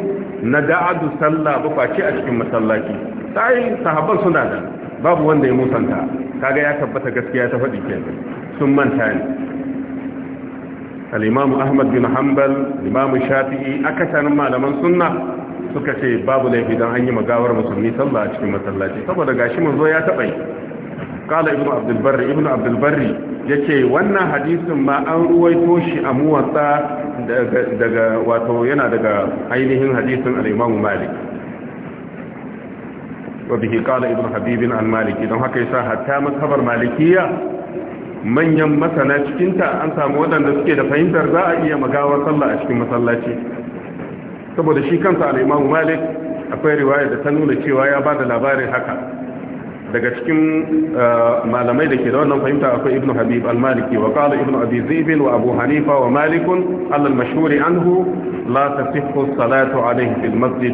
A: na da'adu sallah ba ce a cikin masallaci sai sahabban suna da babu wanda ya musanta kaga ya tabbata gaskiya ta faɗi kenan sun manta ne al'imamu ahmad bin hanbal imamu shafi'i akasarin malaman sunna suka ce babu laifi don an yi magawar musulmi sallah a cikin masallaci saboda gashi manzo ya taɓa yi kala ibnu abdulbarri ibnu abdulbarri ya ce wannan hadisin ma an ruwaito shi a muwatsa daga wato yana daga ainihin hadisin al'imamu malik wa bihi kala Ibn habibin an maliki don haka yasa hatta mazhabar malikiya manyan masana cikinta an samu waɗanda suke da fahimtar za a iya magawar sallah a cikin masallaci saboda shi kansa al'imamu malik akwai riwaya da ta nuna cewa ya ba da labarin haka daga cikin uh, malamai da ke da wannan fahimta akwai ibn habib al-maliki wa qala ibn abi wa abu hanifa wa malikun allal mashhuri anhu la tasihhu salatu alayhi fil masjid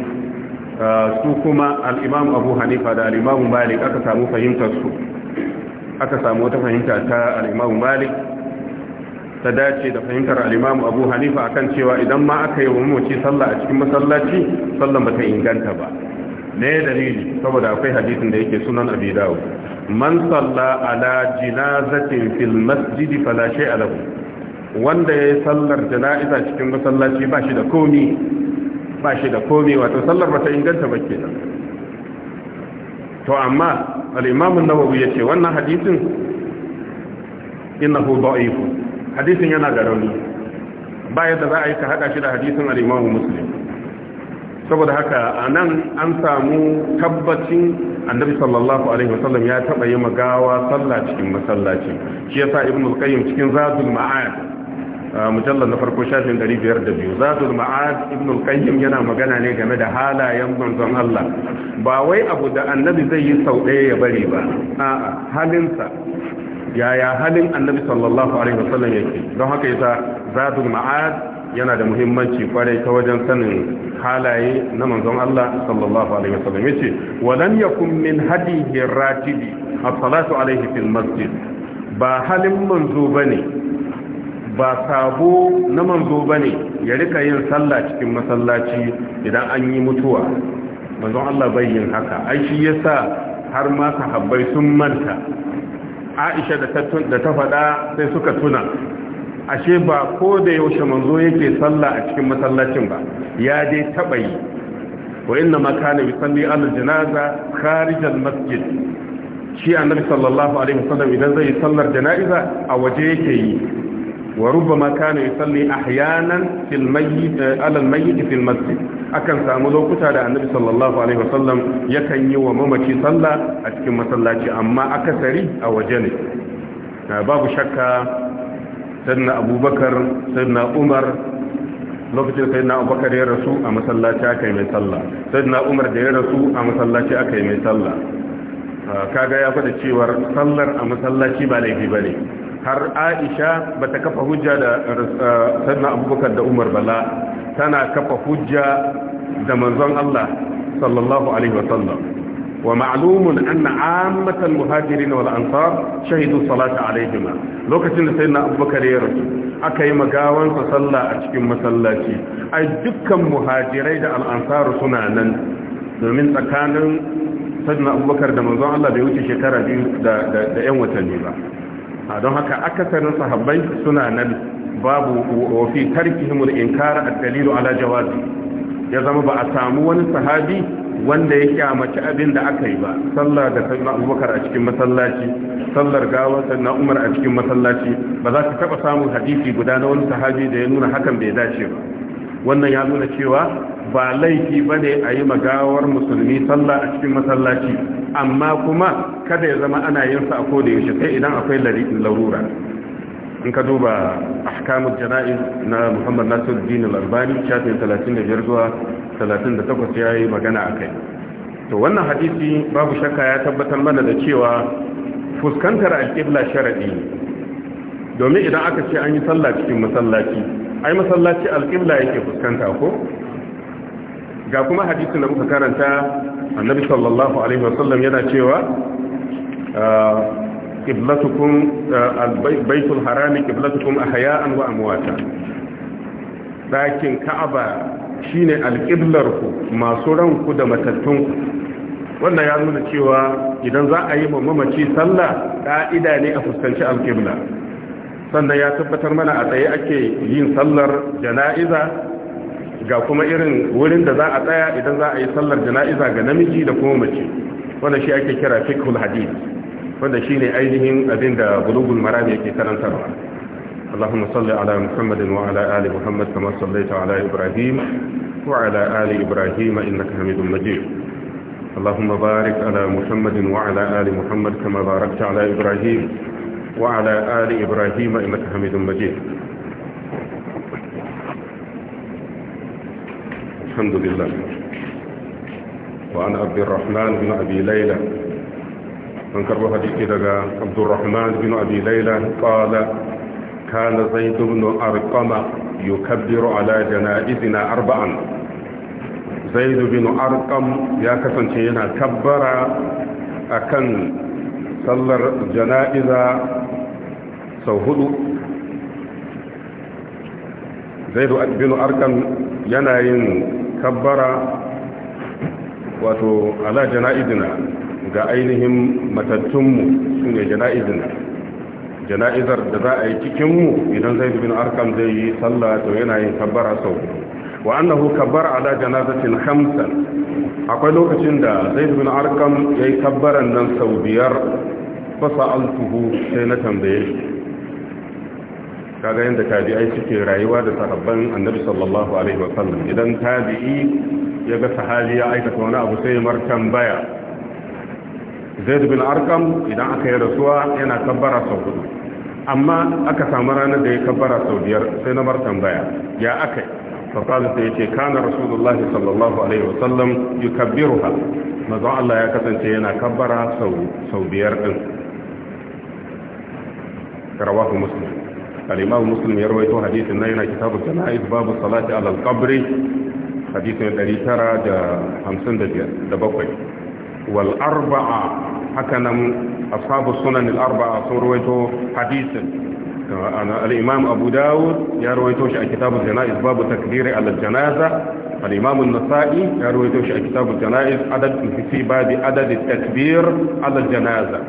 A: uh, su kuma al-imam abu hanifa da al-imam malik aka samu fahimtar su aka samu wata fahimta ta al'imamu malik ta dace da fahimtar al'imamu abu hanifa akan cewa idan ma aka yi wa mamaci sallah a cikin masallaci sallan ba ta inganta ba ne dalili saboda akwai hadisin da yake sunan abi dawo man salla ala jinazatin fil masjidi fala shay'a lahu wanda yayi sallar jana'iza cikin masallaci ba shi da komi ba shi da komi wato sallar ba ta inganta ba kenan to amma al-imam an-nawawi yace wannan hadisin innahu da'if hadisin yana da rauni bayan da za a yi ka haɗa shi da hadisin al-imam saboda haka a nan an samu tabbacin annabi sallallahu alaihi wasallam ya taba yi magawa sallah cikin masallaci shi yasa ibnu qayyim cikin zadul ma'ad mujallar na farko shafin 502 zatul ma'ad ibn al-qayyim yana magana ne game da halayen manzon Allah ba wai abu da annabi zai yi sau ɗaya ya bari ba a'a halinsa yaya halin annabi sallallahu alaihi wasallam yake don haka yasa su ma'ad yana da muhimmanci kwarai ta wajen sanin halaye na manzon Allah sallallahu alaihi wasallam yace walam yakun min hadihi ratibi as-salatu alaihi fil masjid ba halin manzo bane ba sabo na manzo ba ne ya rika yin sallah cikin masallaci idan an yi mutuwa manzon Allah bai yin haka ai shi yasa har ma sahabbai sun manta Aisha da ta faɗa sai suka tuna ashe ba ko da yaushe manzo yake sallah a cikin masallacin ba ya dai taba yi wa inna ma kana yusalli ala janaza kharij al masjid shi annabi sallallahu alaihi wasallam idan zai sallar janaza a waje yake yi wa rubbama kana yusalli ahyanan fil mayyit eh, ala al mayyit masjid akan samu lokuta da annabi sallallahu alaihi wasallam yakan yi wa mamaci sallah a cikin masallaci amma akasari a waje ne babu shakka sayyidina abubakar sayyidina umar lokacin sai na abubakar ya rasu a masallaci aka yi mai sallah sai umar da ya rasu a masallaci aka yi mai sallah ah, kaga ya faɗa cewar sallar a masallaci ba laifi ba ne har aisha ba ta kafa hujja da uh, sannan abubakar da umar bala tana kafa hujja da manzon Allah sallallahu alaihi wasallam wa ma'lumun anna ammatal muhajirin wal ansar shahidu salata alaihima lokacin da sayyidina abubakar ya rasu aka yi magawan sa sallah a cikin masallaci ai dukkan muhajirai da al ansar suna nan domin tsakanin sayyidina abubakar da manzon Allah bai wuce shekara biyu da da yan watanni ba a don haka akasarin sahabbai suna nan babu ki tarkihimul inkara ad-dalilu ala jawazi ya zama ba a samu wani sahabi wanda ya kyamaci abin da aka yi ba sallar da sayyidina Abubakar a cikin masallaci sallar gawa sayyidina Umar a cikin masallaci ba za ka taba samun hadisi guda na wani sahabi da ya nuna hakan bai dace ba wannan ya nuna cewa ba laifi ba ne a yi magawar musulmi sallah a cikin masallaci amma kuma kada ya zama ana yin sa a koda yaushe sai idan akwai larura in ka duba ahkamul jana'iz na Muhammad Nasiruddin Al-Albani shafin 35 zuwa 38 yayi magana akai to wannan hadisi babu shakka ya tabbatar mana da cewa fuskantar al-qibla sharadi domin idan aka ce an yi sallah cikin masallaci ai masallaci al-qibla yake fuskanta ko ga kuma hadisin da muka karanta annabi sallallahu alaihi wasallam yana cewa qiblatukum ah, albaytul ah, harami qiblatukum ahya'an wa amwata dakin ka'aba shine alqiblarku masu ranku da matattunku wannan ya nuna cewa idan za a yi mamaci sallah ka'ida ne a fuskanci alqibla sannan ya tabbatar mana a tsaye ake yin sallar jana'iza ga kuma irin wurin da za a tsaya idan za a yi sallar jana'iza ga namiji da kuma mace wanda shi ake kira fiqhul hadith wanda ne ainihin abin da bulugul maram yake karantarwa اللهم صل على محمد وعلى آل محمد كما صليت على ali وعلى آل إبراهيم إنك حميد مجيد اللهم بارك على محمد ali آل kama barakta ala على إبراهيم وعلى آل إبراهيم إنك حميد مجيد الحمد لله وعن عبد الرحمن بن أبي ليلى من كربو حديث عبد الرحمن بن أبي ليلى قال كان زيد بن أرقم يكبر على جنائزنا أربعا زيد بن أرقم يا كسنتينا كبر أكن صلى جنائز سوهدو zaidu bin arkan yana yin kabbara wato ala jana'izina ga ainihin matattunmu su ne jana'izina jana'izar da za a yi cikinmu idan zaidu bin arkan zai yi sallah to yana yin kabbara sau wa annahu kabbara ala janazatin hamsan akwai lokacin da zaidu bin arkan ya yi kabbaran nan sau biyar fasa altuhu sai na tambaye shi kaga yadda tabi'ai suke rayuwa da sahabban annabi sallallahu alaihi wa sallam idan tabi'i ya ga sahabi ya aikata wani abu sai mar tambaya zaid bin arqam idan aka yi rasuwa yana kabbara sau hudu amma aka samu ranar da ya kabbara sau biyar sai na mar tambaya ya aka فقال سيتي كان رسول الله صلى الله عليه وسلم يكبرها مزو Allah ya kasance yana kabbara sau sau biyar din rawahu muslim الإمام مسلم يروي حديث النهي كتاب الجنائز باب الصلاة على القبر حديث الذي ترى دا حمسن دا بقي والأربعة حكنا أصحاب السنن الأربعة صورويتو حديث الإمام أبو داود يرويتوش كتاب الجنائز باب تكبير على الجنازة الإمام النسائي يرويتوش كتاب الجنائز عدد في بعد عدد التكبير على الجنازة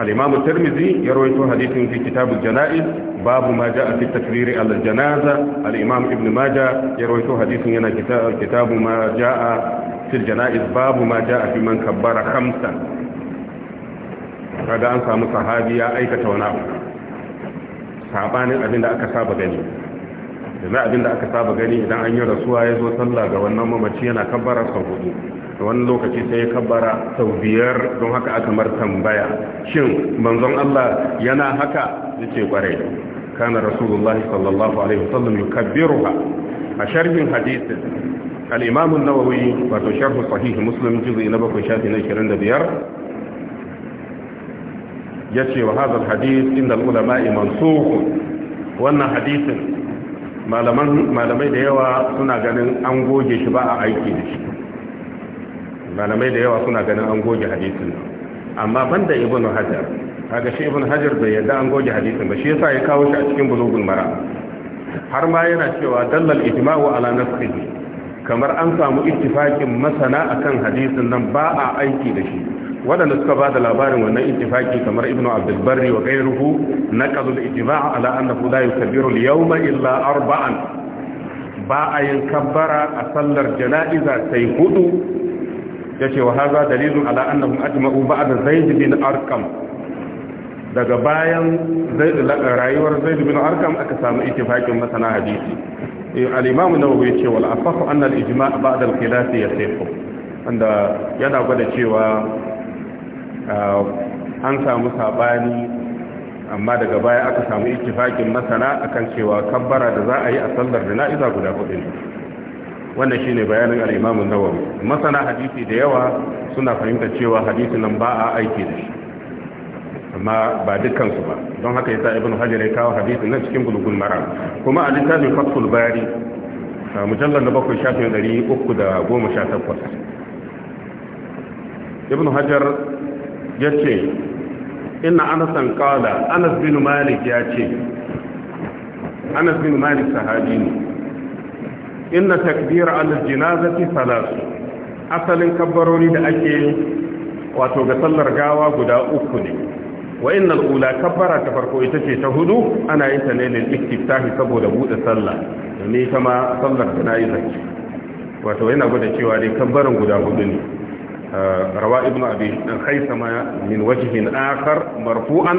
A: الإمام الترمذي يروي حديث في كتاب الجنائز باب ما جاء في التكبير على الجنازة الإمام ابن ماجه يروي حديث هنا كتاب ما جاء في الجنائز باب ما جاء في من كبر خمسا هذا أنصى مصحابي أي كتوناه صعبان الأبن لأك صعب غني أبن لأك صعب غني أن يرسوها يزو صلى قوانا ممتين كبر صعبه wani lokaci sai ya kabbara sau biyar don haka aka mar tambaya shin manzon Allah yana haka ce kwarai kana rasulullahi sallallahu alaihi wasallam ha? a sharhin hadisin al-imam an-nawawi wato sharhu sahihi muslim juz'i na 7 shafi na 25 yace wa hadha al-hadith inda al-ulama'i mansukh wannan hadisin malamai da yawa suna ganin an goge shi ba a aiki da shi malamai da yawa suna ganin an goge hadisin amma banda ibn hajar kaga shi ibn hajar bai yadda an goge hadisin ba shi yasa ya kawo shi a cikin bulugul mara har ma yana cewa dallal ijma'u ala nasxihi kamar an samu ittifaqin masana akan hadisin nan ba a aiki da shi waɗanda suka ba da labarin wannan ittifaqi kamar Ibn abdul barri wa ghayruhu naqalu al ijma' ala annahu la yukabbiru al yawma illa arba'an ba a yin kabbara a sallar jana'iza sai hudu yace wa hadha dalilin ala annahum ajma'u ba'da zaid bin arqam daga bayan rayuwar zaid bin arqam aka samu ittifaqin masana hadisi eh, al-imam an ya yace wal asafu anna al-ijma' ba'da al-khilaf yasihu wanda yana gwada cewa ah, an samu sabani amma daga baya aka samu ittifakin masana akan cewa kabbara da za a yi a sallar jana'iza guda hudu wannan shine bayanin al-Imam an-Nawawi masana hadisi da yawa suna fahimta cewa hadisin nan ba a aiki da shi amma ba dukkan su ba don haka yasa Ibn Hajar ya kawo hadisin nan cikin bulugul maram kuma a littafin Fathul Bari mujallal na bakwai shafin 318 Ibn Hajar ya yace inna Anas qala Anas bin Malik ya ce Anas bin Malik sahabi ne inna takbir al-janazati salasu asalin kabbarori da ake wato ga sallar gawa guda uku ne wa inna al-ula kabbara ta farko ita ce ta hudu ana yin ta ne lil istiftahi saboda bude sallah domin ita ma sallar janaza ce wato yana gwada cewa dai kabbaran guda hudu ne rawa ibn abi khaisama min wajhin akhar marfu'an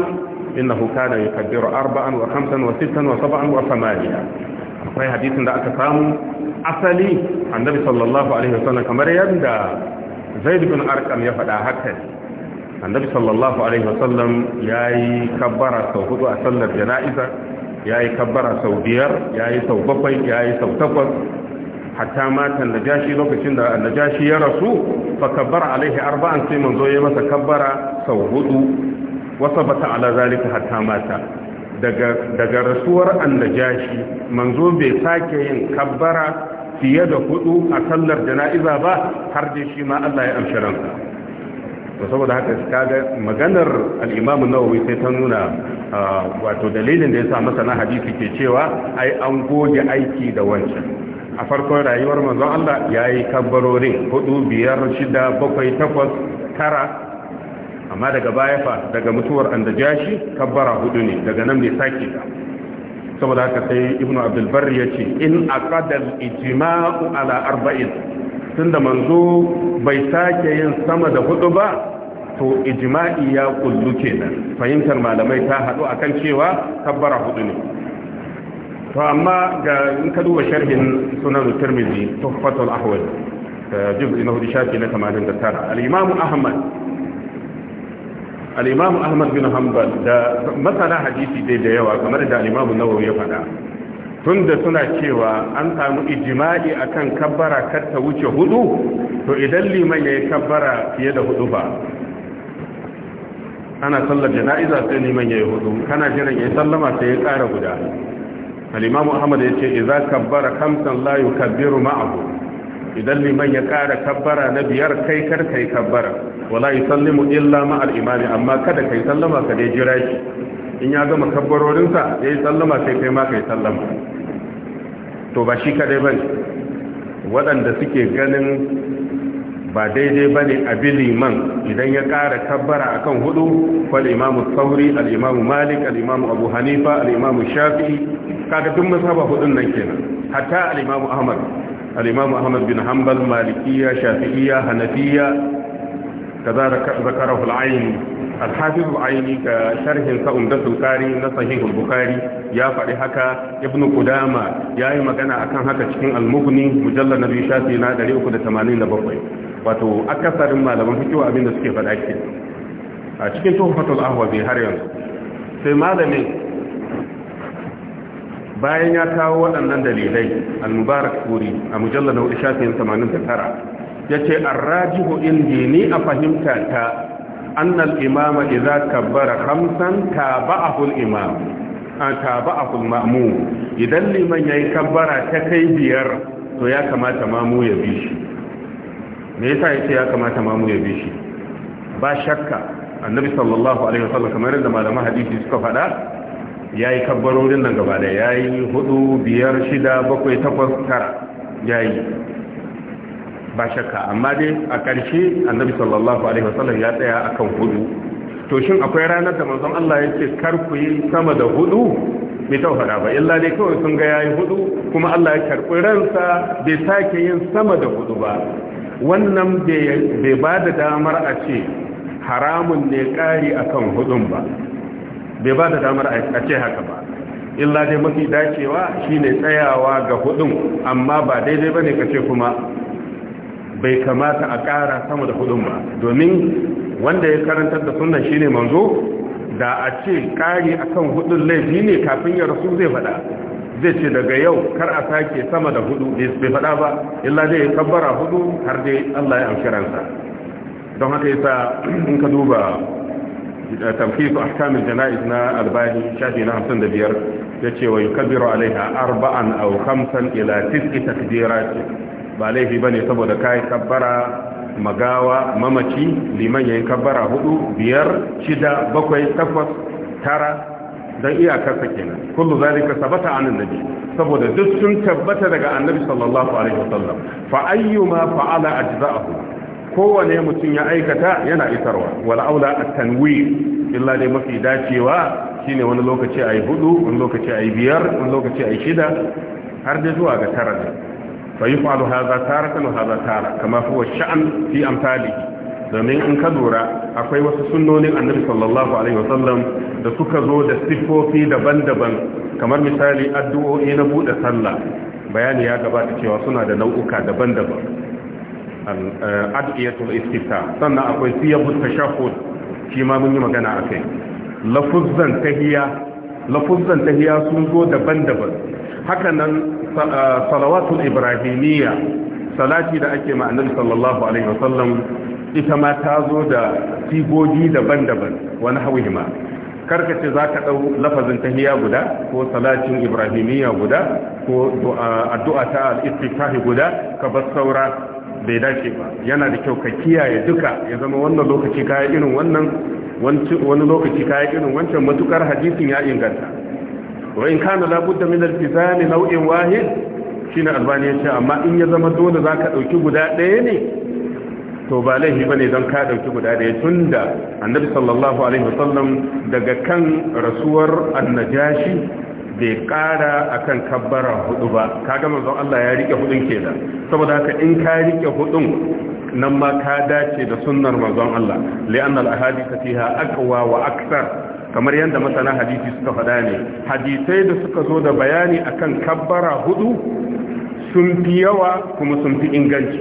A: innahu kana yukabbiru arba'an wa khamsan wa sittan wa sab'an wa thamaniya akwai hadisin da aka samu asali annabi sallallahu alaihi wasallam kamar yadda zaid bin arqam ya faɗa haka annabi sallallahu alaihi wasallam yayi kabbara sau hudu a sallar jana'iza yayi kabbara sau biyar yayi sau bakwai yayi sau takwas hatta mata najashi lokacin da najashi ya rasu fa kabbara alaihi arba'an sai manzo ya masa kabbara sau hudu wasabata ala zalika hatta mata daga rasuwar annajashi manzo bai sake yin kabbara fiye da hudu a sallar jana'iza ba har da shi ma Allah ya amshi ransa to saboda haka kaga maganar al-Imam nawawi sai ta nuna wato dalilin da yasa masana hadisi ke cewa ai an goge aiki da wancan a farkon rayuwar Manzo Allah yayi kabbarori hudu biyar shida bakwai takwas tara amma daga baya fa daga mutuwar annajashi kabbara hudu ne daga nan ne sake saboda haka sai ibnu abdul ya yace in a al ijma'u ala arba'in da manzo bai sake yin sama da hudu ba to ijma'i ya kullu kenan fahimtar malamai ta hadu akan cewa kabbara hudu ne to amma ga in ka duba sharhin sunan tirmidhi tuhfatul ahwal eh, juz'i na hudu shafi na 89 al-imam ahmad Alimamu ahmad bin hanbal da masana hadisi dai da yawa kamar da al-imam nawawi ya faɗa tunda suna cewa an samu ijima'i akan kabbara kar ta wuce hudu to idan liman yayi kabbara fiye da hudu ba ana sallar jana'iza sai liman yayi hudu kana jiran yayi sallama sai ya ƙara guda Alimamu ahmad ya ce iza kabbara khamsan Kabiru yukabbiru ma'ahu idan liman ya ƙara kabbara na biyar kai kar kai kabbara wala yusallimu illa ma al amma kada kai sallama ka dai jira shi in ya gama kabbarorinsa ya yi sallama kai kai ma kai sallama to ba shi kadai bane waɗanda suke ganin ba daidai bane a bi liman idan ya ƙara kabbara kan hudu fal imamu sauri al malik al-imamu abu hanifa al-imamu shafi'i kaga duk mazhaba hudun nan kenan hatta al ahmad al ahmad bin hanbal malikiya shafi'iya hanafiya ka zakarahu al-ayn al-hafiz sharhin sa umdatul qari na sahih bukari ya faɗi haka ibn ya yi magana akan haka cikin al mujallar mujallad nabi shafi na 387 wato akasarin malaman abin da suke faɗa ke a cikin tuhfatul ahwazi har yanzu sai malamin bayan ya kawo waɗannan dalilai al-mubarak turi a mujallar na hudu shafin 89 ya ce arrajihu indi ni a fahimta ta annal imama idza kabbara khamsan taba'ahu al-imam ta taba'ahu al-ma'mum idan liman yayi kabbara ta kai biyar to ya kamata mamu ya bi shi me yasa yace ya kamata mamu ya bi shi ba shakka annabi sallallahu alaihi wasallam kamar da malaman hadisi suka faɗa ya yi kabbarorin nan gaba da ya yi hudu biyar shida bakwai takwas tara ya yi ba shakka amma dai a ƙarshe annabi sallallahu alaihi wasallam ya tsaya akan hudu to shin akwai ranar da manzon Allah ya ce kar ku yi sama da hudu bai tauhada ba illa dai kawai sun ga yayi hudu kuma Allah ya karɓi ransa bai sake yin sama da hudu ba wannan bai ba da damar a ce haramun ne ƙari akan hudun ba bai ba da damar a ce haka ba illa dai mafi dacewa shine tsayawa ga hudun amma ba daidai bane ka ce kuma bai kamata a kara sama da hudun ba domin wanda ya karantar da sunan shine manzo da a ce a akan hudun laifi ne kafin ya rasu zai faɗa zai ce daga yau kar a sake sama da hudu bai faɗa ba illa dai ya kabbara hudu har dai Allah ya amshiransa ransa don haka yasa in ka duba tamkisu ahkamul jana'iz na albani shafi na hamsin 55 yace wa yukabbiru alaiha arba'an aw khamsan ila tis'i takbirat ba laifi ba ne saboda kai kabbara magawa mamaci liman yayin kabbara hudu biyar shida bakwai takwas tara dan iyakarsa kenan kullu zalika sabata anan nabi saboda duk sun tabbata daga annabi sallallahu alaihi wasallam fa ayyuma fa'ala a ajza'ahu kowane mutum ya aikata yana isarwa wala aula at-tanwir illa dai mafi dacewa shine wani lokaci ayi hudu wani lokaci ayi biyar wani lokaci ayi shida har da zuwa ga tara fa yufalu hadha taratan wa hadha tara kama huwa sha'an fi amsali domin in ka lura akwai wasu sunnonin annabi sallallahu alaihi wasallam da suka zo da siffofi daban-daban kamar misali addu'o'i na buɗe sallah bayani ya gabata cewa suna da nau'uka daban-daban al'adiyatul eh, istifta sannan akwai siyabut tashahhud shi ma mun yi magana akai lafuzzan tahiyya lafuzzan sun zo daban-daban Hakanan eh, salawatul ibrahimiyya salati da ake ma annabi sallallahu alaihi wasallam ita ma ta zo da sigogi daban-daban wani hawihima karkace za ka ɗau lafazin tahiya guda ko salatin ibrahimiyya guda ko addu'a ta al'istifahi guda ka bar saura bai dace ba yana da kyau ka kiyaye duka ya zama wannan lokaci kaya irin wannan wani lokaci kaya irin wancan matukar hadisin ya inganta wa in kana labudda min al-fizani nau'in wahid shine albani ya ce amma in ya zama dole zaka dauki guda ɗaya ne to ba laifi bane dan ka dauki guda ɗaya tunda annabi sallallahu alaihi wasallam daga kan rasuwar annajashi bai kara akan kabbara hudu ba kaga manzon Allah ya rike hudun kenan saboda haka in ka rike hudun nan ma ka dace da sunnar manzon Allah li'anna al-ahadith fiha aqwa wa akthar kamar yadda masana hadisi suka faɗa ne hadisai da suka zo da bayani akan kabbara hudu sun fi yawa kuma sun fi inganci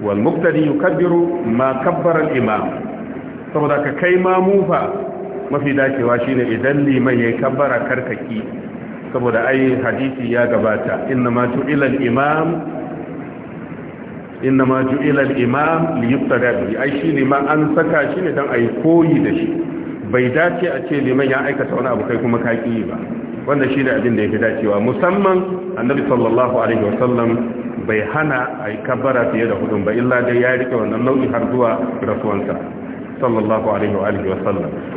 A: wal muqtadi yukabbiru ma kabbara al-imam saboda ka kai ma mufa mafi dacewa shine idan liman kabara kabbara karkaki saboda ai hadisi ya gabata inna ma al-imam al-imam li bi ai shine ma an saka shi ne dan ai koyi da shi bai dace a ce liman ya aikata wani abu kai kuma ka kiyi ba wanda shine abin da ya fi dacewa musamman annabi sallallahu alaihi wasallam bai hana ai yi kabbara fiye da hudun ba illa dai ya rike wannan nau'i har zuwa rasuwansa sallallahu alaihi wa alihi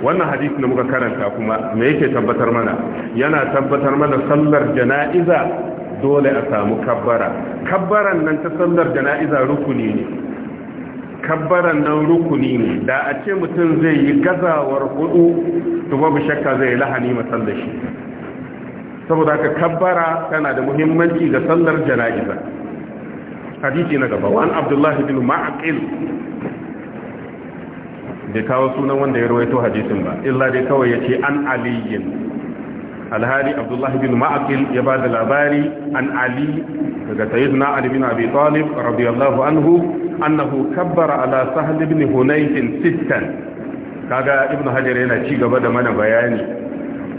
A: wannan hadisi da muka karanta kuma me yake tabbatar mana yana tabbatar mana sallar jana'iza dole a samu kabbara kabbaran nan ta sallar jana'iza rukuni ne kabbaran nan rukuni ne da a ce mutum zai yi gazawar hudu to babu shakka zai lahani masallar shi saboda ka kabbara tana da muhimmanci ga sallar jana'iza hadisi na gaba wa an abdullahi bin ma'aqil bai kawo sunan wanda ya rawaito hadisin ba illa dai kawai ya ce an aliyin alhari abdullahi bin ma'aqil ya ba da labari an ali daga sayyidina ali bin abi talib radiyallahu anhu annahu kabbara ala sahl ibn hunayf sittan kaga ibn hajar yana ci gaba da mana bayani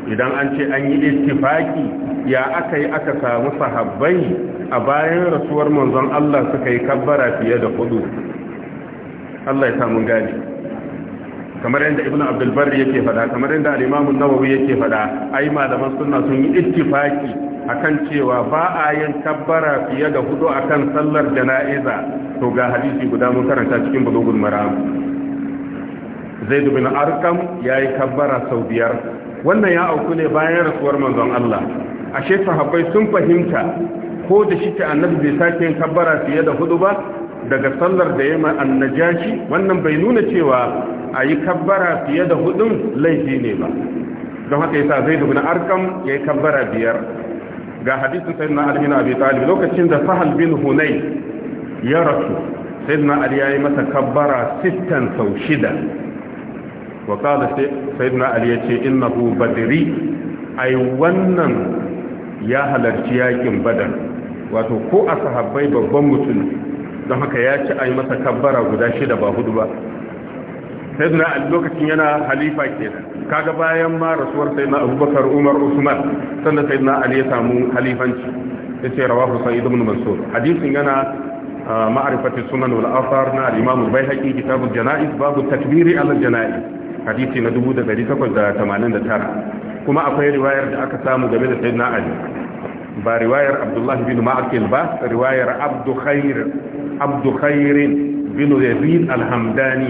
A: idan an ce an yi ittifaki ya aka yi aka samu sahabbai a bayan rasuwar manzon Allah suka yi kabbara fiye da hudu Allah ya samu gani kamar yadda ibnu abdul barri yake fada kamar yadda al-imam nawawi yake fada ai malaman sunna sun yi ittifaki akan cewa ba a yin tabbara fiye da hudu akan sallar jana'iza to ga hadisi guda mun karanta cikin bulugul maram zaid bin arqam yayi tabbara sau biyar wannan ya auku ne bayan rasuwar manzon Allah ashe sahabbai sun fahimta ko da shi ta annabi bai sake yin tabbara fiye da hudu ba daga sallar da ya annajashi wannan bai nuna cewa a yi kabbara fiye da hudun laifi ne ba don haka yasa zai dubi na arkam ya yi kabbara biyar ga hadisin sai na almin abi talib lokacin da sahal bin hunay ya rasu sai na ali ya yi masa kabbara sittan sau shida wa kada sai ali ya ce innahu badri ai wannan ya halarci yakin badar wato ko a sahabbai babban mutum don haka ya ci a yi masa kabbara guda shida ba hudu ba sai suna a lokacin yana halifa kenan kaga bayan ma rasuwar sai na abubakar umar usman sannan sai na ali ya samu halifanci ya ce rawa husayn ibn mansur hadisin yana ma'rifati sunan wal athar na imamu imam al-baihaqi kitab babu takbiri ala janaiz hadisi na 1889 kuma akwai riwayar da aka samu game da sayyidina ali ba riwayar abdullahi bin ma'akil ba riwayar abdu khairin bin yazid alhamdani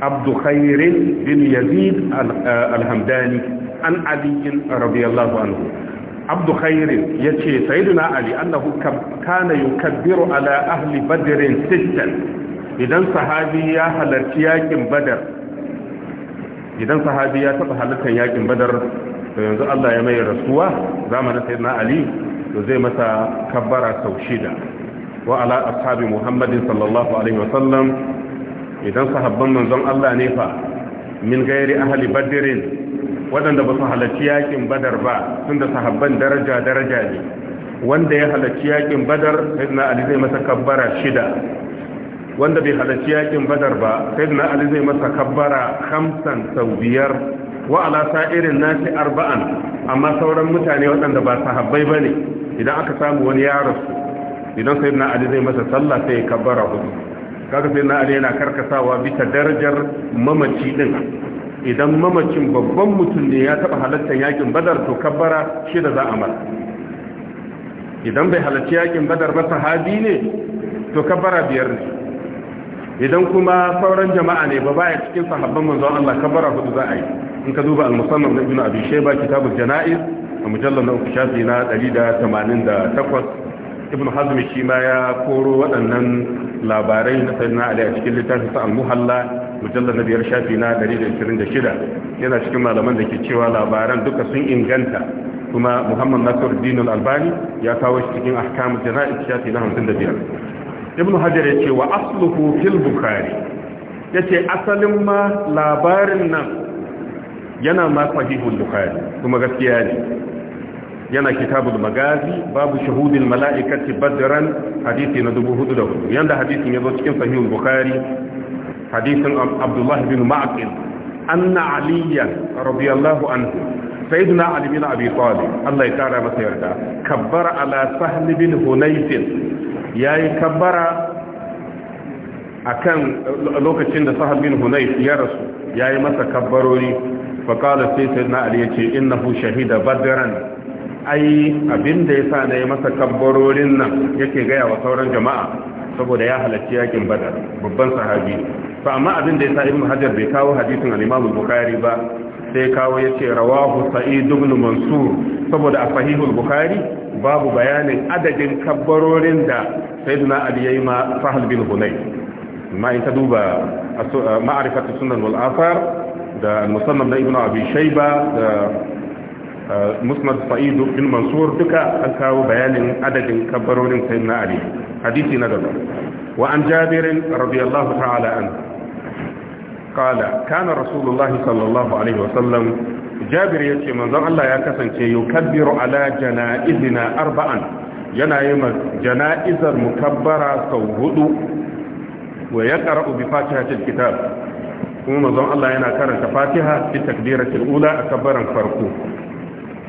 A: abdu khairin bin yazid eh, alhamdani an aliyin radiyallahu anhu abdu khairin yace sayyiduna ali annahu kana yukabbiru ala ahli badrin sittan idan sahabi ya halarci yakin badar idan sahabi ya taba halartar yakin badar to yanzu Allah ya mai rasuwa zamanin sayyidina Ali to zai masa kabbara sau shida wa ala ashabi Muhammadin sallallahu alaihi wasallam idan sahabban manzon Allah ne fa min gairi ahli badrin waɗanda ba su halarci yakin badar ba tunda sahabban daraja daraja ne wanda ya halarci yakin badar sayyidina Ali zai masa kabbara shida wanda bai halarci yakin badar ba sayyidina Ali zai masa kabbara hamsan sau biyar wa ala irin nasi arba'an amma sauran mutane waɗanda ba sahabbai bane idan aka samu wani ya Idan sai na ali zai masa sallah sai ya kabbara hudu kaga na ali yana karkasawa bisa darajar mamaci din idan mamacin babban mutum ne ya taba halartar yakin badar to kabbara shida za a mara idan bai halarci yakin badar ba sahabi ne to kabbara biyar ne idan kuma sauran jama'a ne ba baya cikin sahabban manzon Allah kabara hudu za a yi in ka duba al-musannaf na ibnu abi shayba kitabul janaiz a mujallal na uku shafi na 188 ibnu hazm shi ma ya koro waɗannan labarai na sayyidina ali a cikin littafin sa al-muhalla mujallal na biyar shafi na 126 yana cikin malaman da ke cewa labaran duka sun inganta kuma muhammad nasiruddin al-albani ya kawo shi cikin ahkamul janaiz shafi na 55 ibn hajar ya ce wa asluhu fil bukhari ya ce asalin ma labarin nan yana ma sahihul bukhari kuma gaskiya ne yana kitabul magazi babu shahudin mala'ikati badran hadisi na 4,000 yanda hadisin ya zo cikin sahihul bukhari hadisin abdullahi bin ma'aqil anna aliyan radiyallahu anhu sayyidina ali bin abi talib Allah ya kara masa yarda kabbara ala sahl bin hunayf ya yi kabbara a kan lokacin da sahabin hunai ya rasu ya yi masa kabbarori faƙala sai sai na ali ya ce innahu shahida badran ai abinda ya sa na yi masa kabbarorin nan yake gaya wa sauran jama'a saboda ya halarci yakin badar babban sahabi fa amma abin da ya sa ibn hajar bai kawo hadisin al-imam bukhari ba sai kawo yace rawahu sa'id ibn mansur saboda a sahihul bukhari babu bayanin adadin kabbarorin da sayyidina ali yayi ma sahal bin hunay ma in ta duba ma'arifatu sunan wal athar da musannaf da ibnu abi shayba da musnad sa'id bin mansur duka an kawo bayanin adadin kabbarorin sayyidina ali hadisi na gaba wa an jabir radiyallahu ta'ala an قال كان رسول الله صلى الله عليه وسلم jabir ya ce manzon Allah ya kasance yukabbiru ala jana'izina arba'an yana yi ma jana'izar mukabbara sau hudu wa ya qara'u bi cikin kitab kuma manzon Allah yana karanta fatiha fi takbiratil ula a kabbaran farko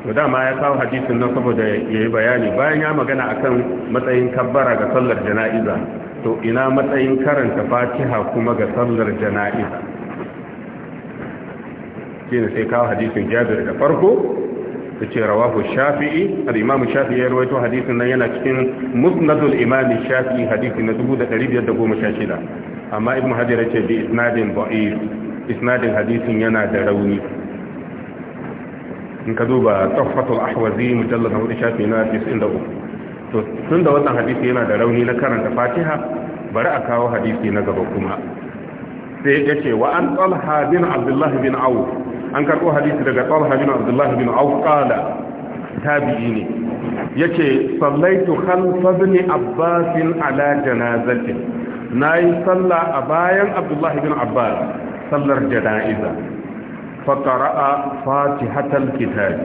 A: da dama ya kawo hadisin nan saboda yayi bayani bayan ya magana akan matsayin kabbara ga sallar jana'iza to ina matsayin karanta fatiha kuma ga sallar jana'iza shine sai kawo hadisin jabir da farko da ce rawahu shafi'i shafi'i ya rawaito nan yana cikin musnadul shafi'i na amma ibnu hajar ce bi isnadin da'if isnadin hadisin yana da rauni in ka duba taffatul ahwazi mujallar hudu shafi na 93 to tun da wannan hadisi yana da rauni na karanta fatiha bari a kawo hadisi na gaba kuma sai ya ce wa an talha bin abdullahi bin awu an karɓo hadisi daga talha bin abdullahi bin auf qala tabi'i ne yace sallaitu khalfa ibn abbas ala janazatin yi salla a bayan abdullahi bin abbas sallar janaiza fa qara'a fatihatal kitab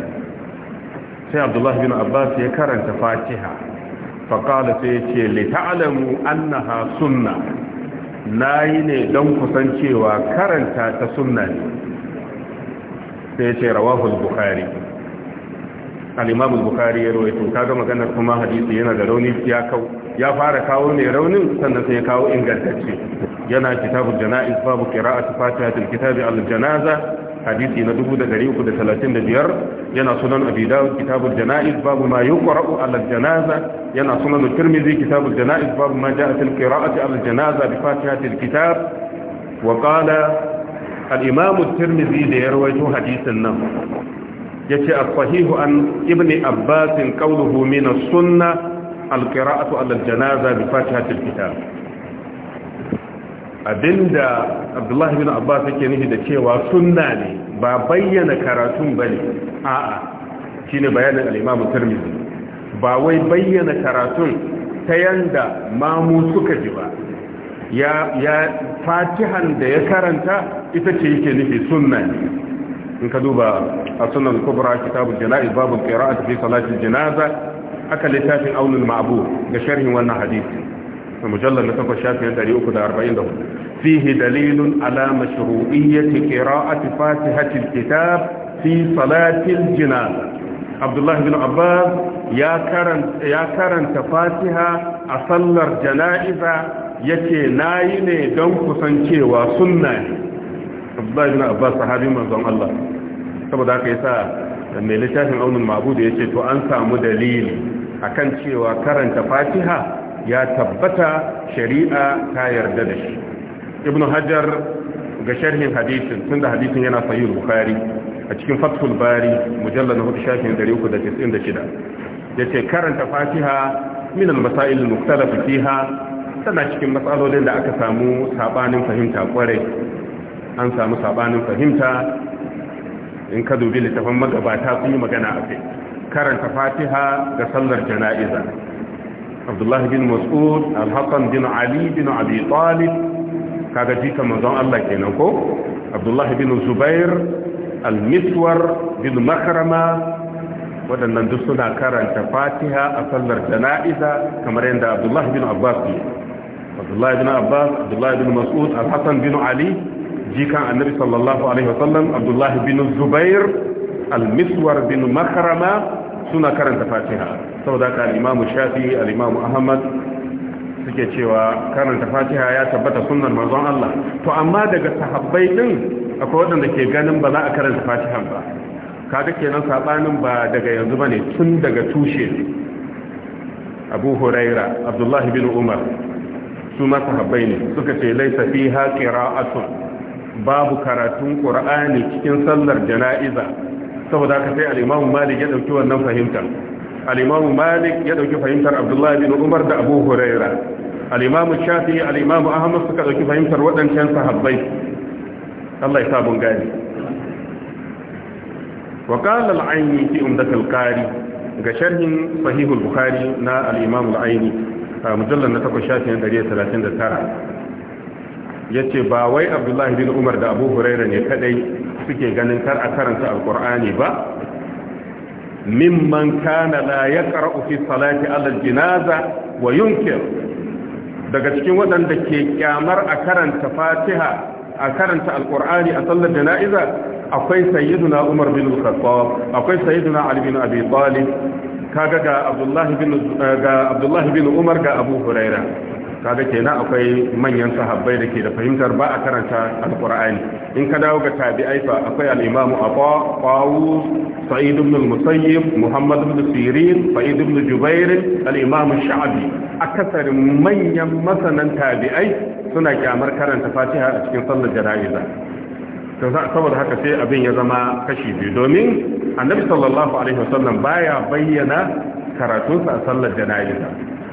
A: sai abdullahi bin abbas ya karanta fatiha fa qala sai yace li ta'lamu annaha sunna yi ne don kusancewa karanta ta sunna ne sai ce rawahul bukhari al-imam al-bukhari ya rawaito kaga maganar kuma hadisi yana da rauni ya kawo ya fara kawo ne raunin sannan sai ya kawo ingantacce yana kitabul janaiz babu qira'ati fatihatil kitabi al-janaza hadisi na 1335 yana sunan abi dawud kitabul janaiz babu ma yuqra'u al-janaza yana sunan tirmidhi kitabul janaiz babu ma ja'a fil qira'ati al-janaza bi fatihatil kitab وقال al'imamu tirmizi da ya rawaito hadisin nan ya ce a sahihu an ibni abbasin ƙaunuhu mina sunna alƙira'atu aljanaza bi fatihatul fita. abinda abdullahi bin abbas yake nufi da cewa sunna ne ba bayyana karatun bane a'a shine bayanin al-imam ba wai bayyana karatun ta yanda mamu suka ji ba ya fatihan da ya karanta ita ce yake nufi sunna ne in ka duba a sunan kubra kitabul jana'iz babu qira'ati fi salati janaza aka littafin aulul ma'bu da sharhin wannan hadisi a mujallal na takwas shafin 344 fihi dalilun ala mashru'iyyati qira'ati fatihatil kitab fi salati janaza abdullahi bin abbas ya karanta ya karanta fatiha a sallar jana'iza na yi ne don kusancewa sunna ne Abdullahi ibn Abbas sahabi manzon Allah saboda haka yasa mai littafin aunin ya yace to an samu dalili akan cewa karanta Fatiha ya tabbata shari'a ta yarda da shi Ibn Hajar ga sharhin hadisin tunda hadisin yana sahih Bukhari a cikin Fathul Bari mujallad shafin 396 yace karanta Fatiha min al-masail al-mukhtalaf fiha tana cikin matsalolin da aka samu sabanin fahimta kwarai an samu sabanin fahimta in ka dubi littafin magabata sun yi magana a kai karanta fatiha ga sallar jana'iza abdullah bin mas'ud Alhassan bin ali bin abi talib kaga jika manzon Allah kenan ko abdullah bin zubair al bin makrama waɗannan duk suna karanta fatiha a sallar jana'iza kamar yadda abdullah bin abbas ne abdullahi bin abbas abdullahi bin mas'ud al-hasan bin ali jikan annabi sallallahu alaihi wasallam abdullahi bin zubair al-miswar bin makrama suna karanta fatiha saboda ka al-imamu shafi al-imamu ahmad suke cewa karanta fatiha ya tabbata sunnar manzon Allah to amma daga sahabbai din akwai waɗanda ke ganin ba za a karanta fatihan ba kaga kenan sabanin ba daga yanzu bane tun daga tushe abu huraira abdullahi bin umar su ma sahabbai ne suka ce laisa fiha qira'atun babu karatun ƙur'ani cikin sallar jana'iza saboda haka sai al'imamu malik ya ɗauki wannan fahimtar al'imamu malik ya ɗauki fahimtar abdullahi bin umar da abu huraira al'imamu shafi al'imamu ahmad suka ɗauki fahimtar waɗancan sahabbai allah ya sabon gani wa qala al-ayni fi umdat al-qari ga sharhin sahih al-bukhari na al-imam al-ayni a mujallar na takwas shafin 139 ya ce ba wai abdullahi bin umar da abu huraira ne kadai suke ganin kar a karanta alkur'ani ba mimman kana la ya ƙara'u fi salati alal jinaza wa yunkir daga cikin waɗanda ke kyamar a karanta fatiha a karanta alkur'ani a sallar jana'iza akwai sayyiduna umar bin al-khattab akwai sayyiduna ali bin abi talib kaga ga abdullahi bin eh, ga abdullahi bin umar ga abu huraira kaga kenan akwai manyan sahabbai da ke da fahimtar ba a karanta alqur'ani in ka dawo ga tabi'ai fa akwai al-imamu abu qawu sa'id ibn al-musayyib muhammad ibn sirin sa'id ibn jubair al-imamu sha'bi akasarin manyan masanan tabi'ai suna kyamar karanta fatiha a cikin sallar jana'iza saboda haka sai abin ya zama kashi biyu domin annabi sallallahu alaihi wasallam baya bayyana karatunsa a sallar jana'iza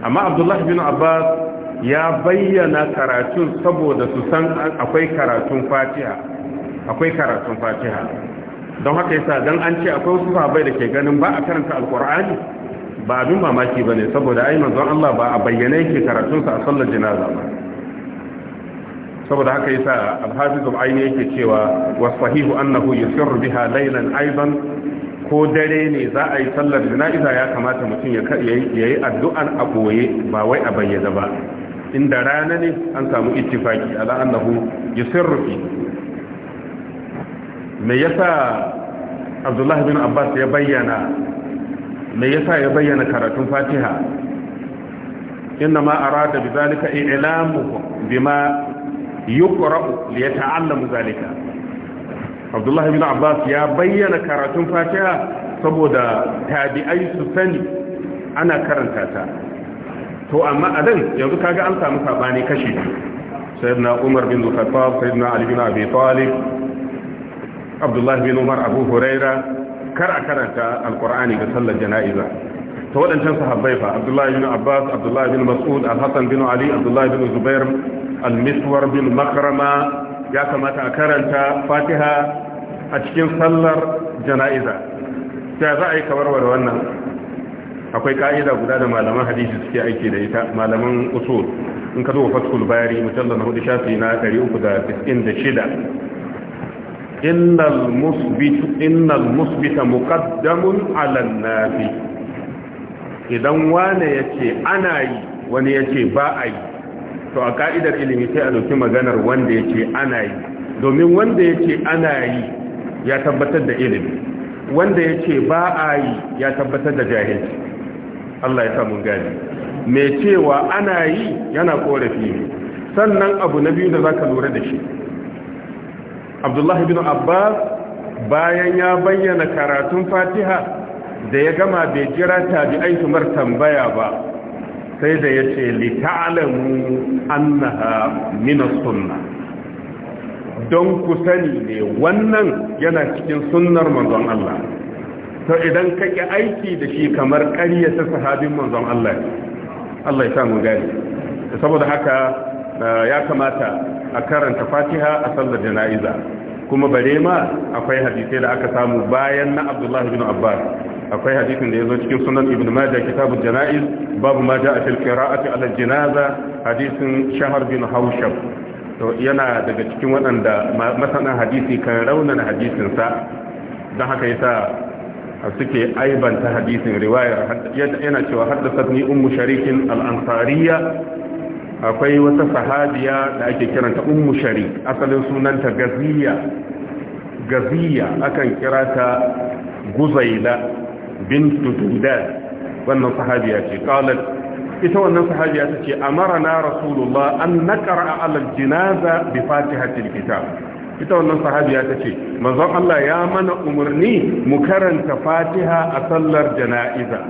A: amma abdullah bin abbas ya bayyana karatun saboda su san akwai karatun fatiha akwai karatun fatiha don haka yasa dan an ce akwai wasu sahabbai da ke ganin ba a karanta alqur'ani ba abin mamaki bane saboda ai manzon Allah ba a bayyana yake karatunsa a sallar jana'iza ba saboda haka yasa al-hafiz al-aini yake cewa wasahihu annahu yusirru biha laylan aidan ko dare ne za a yi sallar jana'iza ya kamata mutum ya yi addu'an a boye ba wai a bayyana ba inda rana ne an samu ittifaki ala annahu yusirru fi me yasa abdullah bin abbas ya bayyana me yasa ya bayyana karatun fatiha inna ma arada bi zalika i'lamu bima yuqra'u li yata'allamu zalika Abdullah ibn Abbas ya bayyana karatun Fatiha saboda tabi'ai su sani ana karanta ta to amma a nan yanzu kaga an samu sabani kashi sayyidina Umar bin Khattab sayyidina Ali bin Abi Talib Abdullah bin Umar Abu Huraira kar a karanta alqur'ani ga sallar jana'iza ta waɗancan sahabbai fa abdullahi bin abbas abdullahi bin mas'ud al-hasan bin ali abdullahi bin zubair al-miswar bin makrama ya kamata a karanta fatiha a cikin sallar jana'iza ta za a yi kawarwar wannan akwai ka'ida guda da malaman hadisi suke aiki da ita malaman usul in ka zuwa fatul bayari mujallar na hudu shafi na 396 إن المثبت إن المثبت مقدم على النافي idan wane ya ce ana yi wani ya ce ba a yi to a ka'idar ilimi sai a ɗauki maganar wanda ya ce ana yi domin wanda ya ce ana yi ya tabbatar da ilimi wanda ya ce ba a yi ya tabbatar da jahilci Allah ya mun gani mai cewa ana yi yana korafi ne sannan abu na biyu da za ka lura da shi abdullahi bin abbas bayan ya bayyana karatun fatiha da ya gama bai jira tabi'ai aiki mar tambaya ba sai da ya ce lita'alamu annaha mina sunna don ku sani ne wannan yana cikin sunnar manzon Allah to idan kake aiki da shi kamar ƙarya ta sahabin manzon Allah Allah ya samu gani saboda haka ya kamata a karanta fatiha a sallar jana'iza kuma bare ma akwai hadisai da aka samu bayan na abdullahi bin abbas akwai hadisin da ya zo cikin sunan ibn majah kitabun janaiz babu ma a fil qira'ati ala jinaza hadisin shahar bin haushab to yana daga cikin waɗanda masana hadisi kan raunin hadisin sa don haka yasa suke aibanta hadisin riwayar yana cewa har da sharikin al al'ansariya akwai wata sahabiya da ake kiranta ummu asalin sunanta gaziya gaziya akan kirata guzaila bintu dudan wannan sahabiya ce qalat ita wannan sahabiya ta ce amarna rasulullah an a ala aljinaza bi fatihatil kitab ita wannan sahabiya tace ce manzon Allah ya mana umarni mu karanta fatiha a sallar jana'iza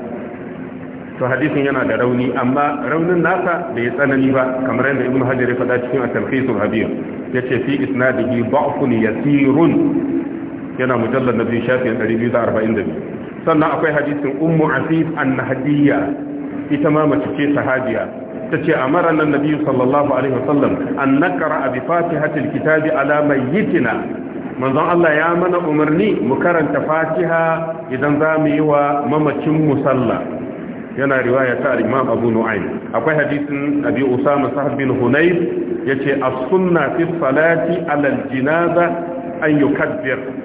A: to hadisin yana da rauni amma raunin nasa bai tsanani ba kamar yadda ibnu hajar ya faɗa cikin at-talhisul habir yace fi isnadihi da'fun yasirun yana mujallad nabi shafi 242 sannan akwai hadisin ummu asif annahdiya ita ma mace ce sahabiya tace amara nan nabi sallallahu alaihi wasallam an nakra bi fatihatil kitabi ala mayyitina manzon Allah ya mana umarni mu karanta fatiha idan za mu yi wa mamacin sallah yana riwaya ta imam abu nu'aym akwai hadisin abi usama sahab bin hunayf yace as-sunna fi salati ala al-janaza an yukabbir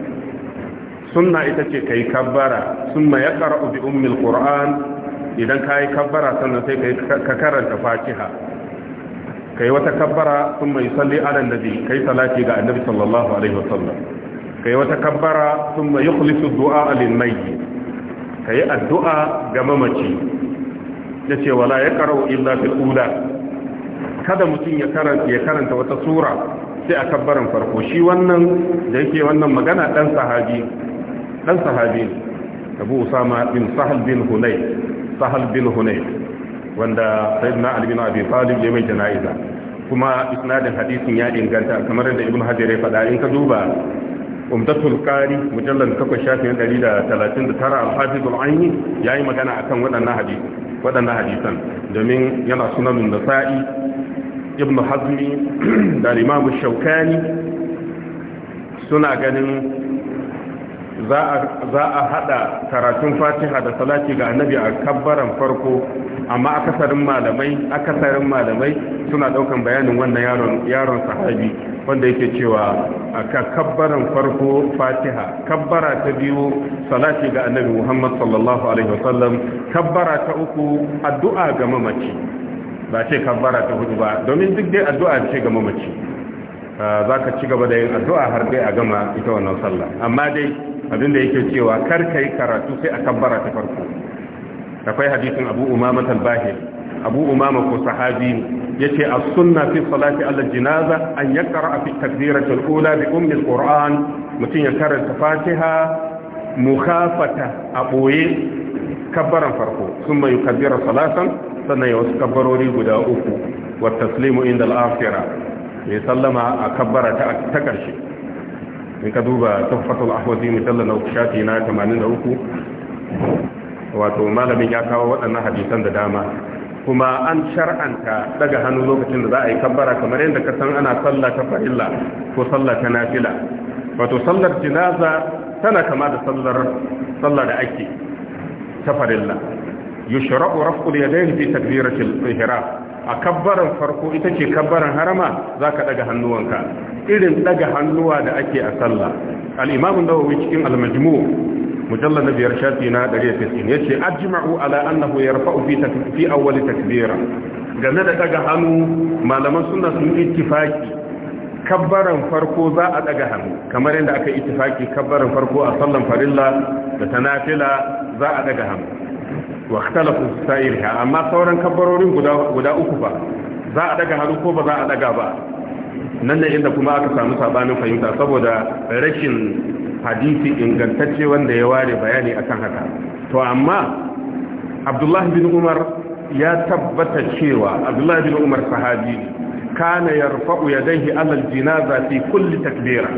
A: sunna ita ce ka yi kabbara sun ma ya ƙara'u bi ummil ƙura'an idan ka yi kabbara sannan sai ka karanta fatiha ka yi wata kabbara sun mai salli ala nabi ka yi salati ga annabi sallallahu alaihi wa sallam. ka yi wata kabbara sun ma yi kulisu du'a alin mai ka yi addu'a ga mamaci ya ce wala ya ƙara ƙara'u illa fil ula kada mutum ya karanta wata sura sai a kabbaran farko shi wannan da yake wannan magana ɗan sahabi dan sahabi abu usama bin sahal bin hunay sahal bin hunay wanda sayyidina ali bin abi talib ya mai jana'iza kuma isnadin hadisin ya inganta kamar da ibnu hajar ya faɗa in ka duba umdatul qari mujallal 8 shafin 139 al-hafiz al ya yayi magana akan waɗannan hadisi waɗannan hadisan domin yana sunan nasa'i ibn hazmi da imam shaukani suna ganin za a hada karatun fatiha da salati ga annabi a kabbaran farko amma akasarin malamai akasarin malamai suna daukan bayanin wannan yaron yaron sahabi wanda yake cewa aka kabbaran farko fatiha kabbara ta biyu salati ga annabi muhammad sallallahu alaihi wasallam kabbara ta uku addu'a ga mamaci ba ce kabbara ta hudu ba domin duk dai addu'a ce ga mamaci za ka ci gaba da yin addu'a har dai a gama ita wannan sallah amma dai abinda yake cewa kar kai karatu sai a kabbara ta farko akwai hadisin abu umama talbahir abu umama ko sahabi ne yace as-sunna fi salati ala janaza an yaqra fi takbirati al-ula bi ummi al-quran mutun ya karanta fatiha mukhafata a boye kabbaran farko thumma yukabbira salatan sannan ya wasu kabbarori guda uku wa taslimu inda al-akhirah ya sallama a kabbara ta karshe in ka duba tuffatul ahwazi mujallal na shafi na 83 wato malamin ya kawo waɗannan hadisan da dama kuma an shar'anta daga hannu lokacin da za a yi kabbara kamar yadda ka san ana sallah ta farilla ko sallah ta nafila wato sallar jinaza tana kama da sallar sallah da ake ta farilla yushra'u raf'ul yadayni fi takbiratil ihram a kabbaran farko ita ce kabbaran harama za ka ɗaga hannuwanka irin ɗaga hannuwa da ake a sallah al'imamun dawowi cikin almajmu mujallar na biyar shafi na 190 ya ce ajima'u ala annahu ya rafa'u fi awwali takbira game da ɗaga hannu malaman suna sun ittifaki kabbaran farko za a ɗaga hannu kamar yadda aka ittifaki kabbaran farko a sallan farilla da tanafila za a ɗaga hannu wa ikhtalafu sa'irha amma sauran kabbarorin guda uku ba za a daga haru ko ba za a daga ba nan ne inda kuma aka samu sabanin fahimta saboda rashin hadisi ingantacce wanda ya ware bayani akan haka to amma Abdullah bin Umar ya tabbata cewa Abdullah bin Umar sahabi kana yarfa'u yadayhi alal jinaza fi kulli takbira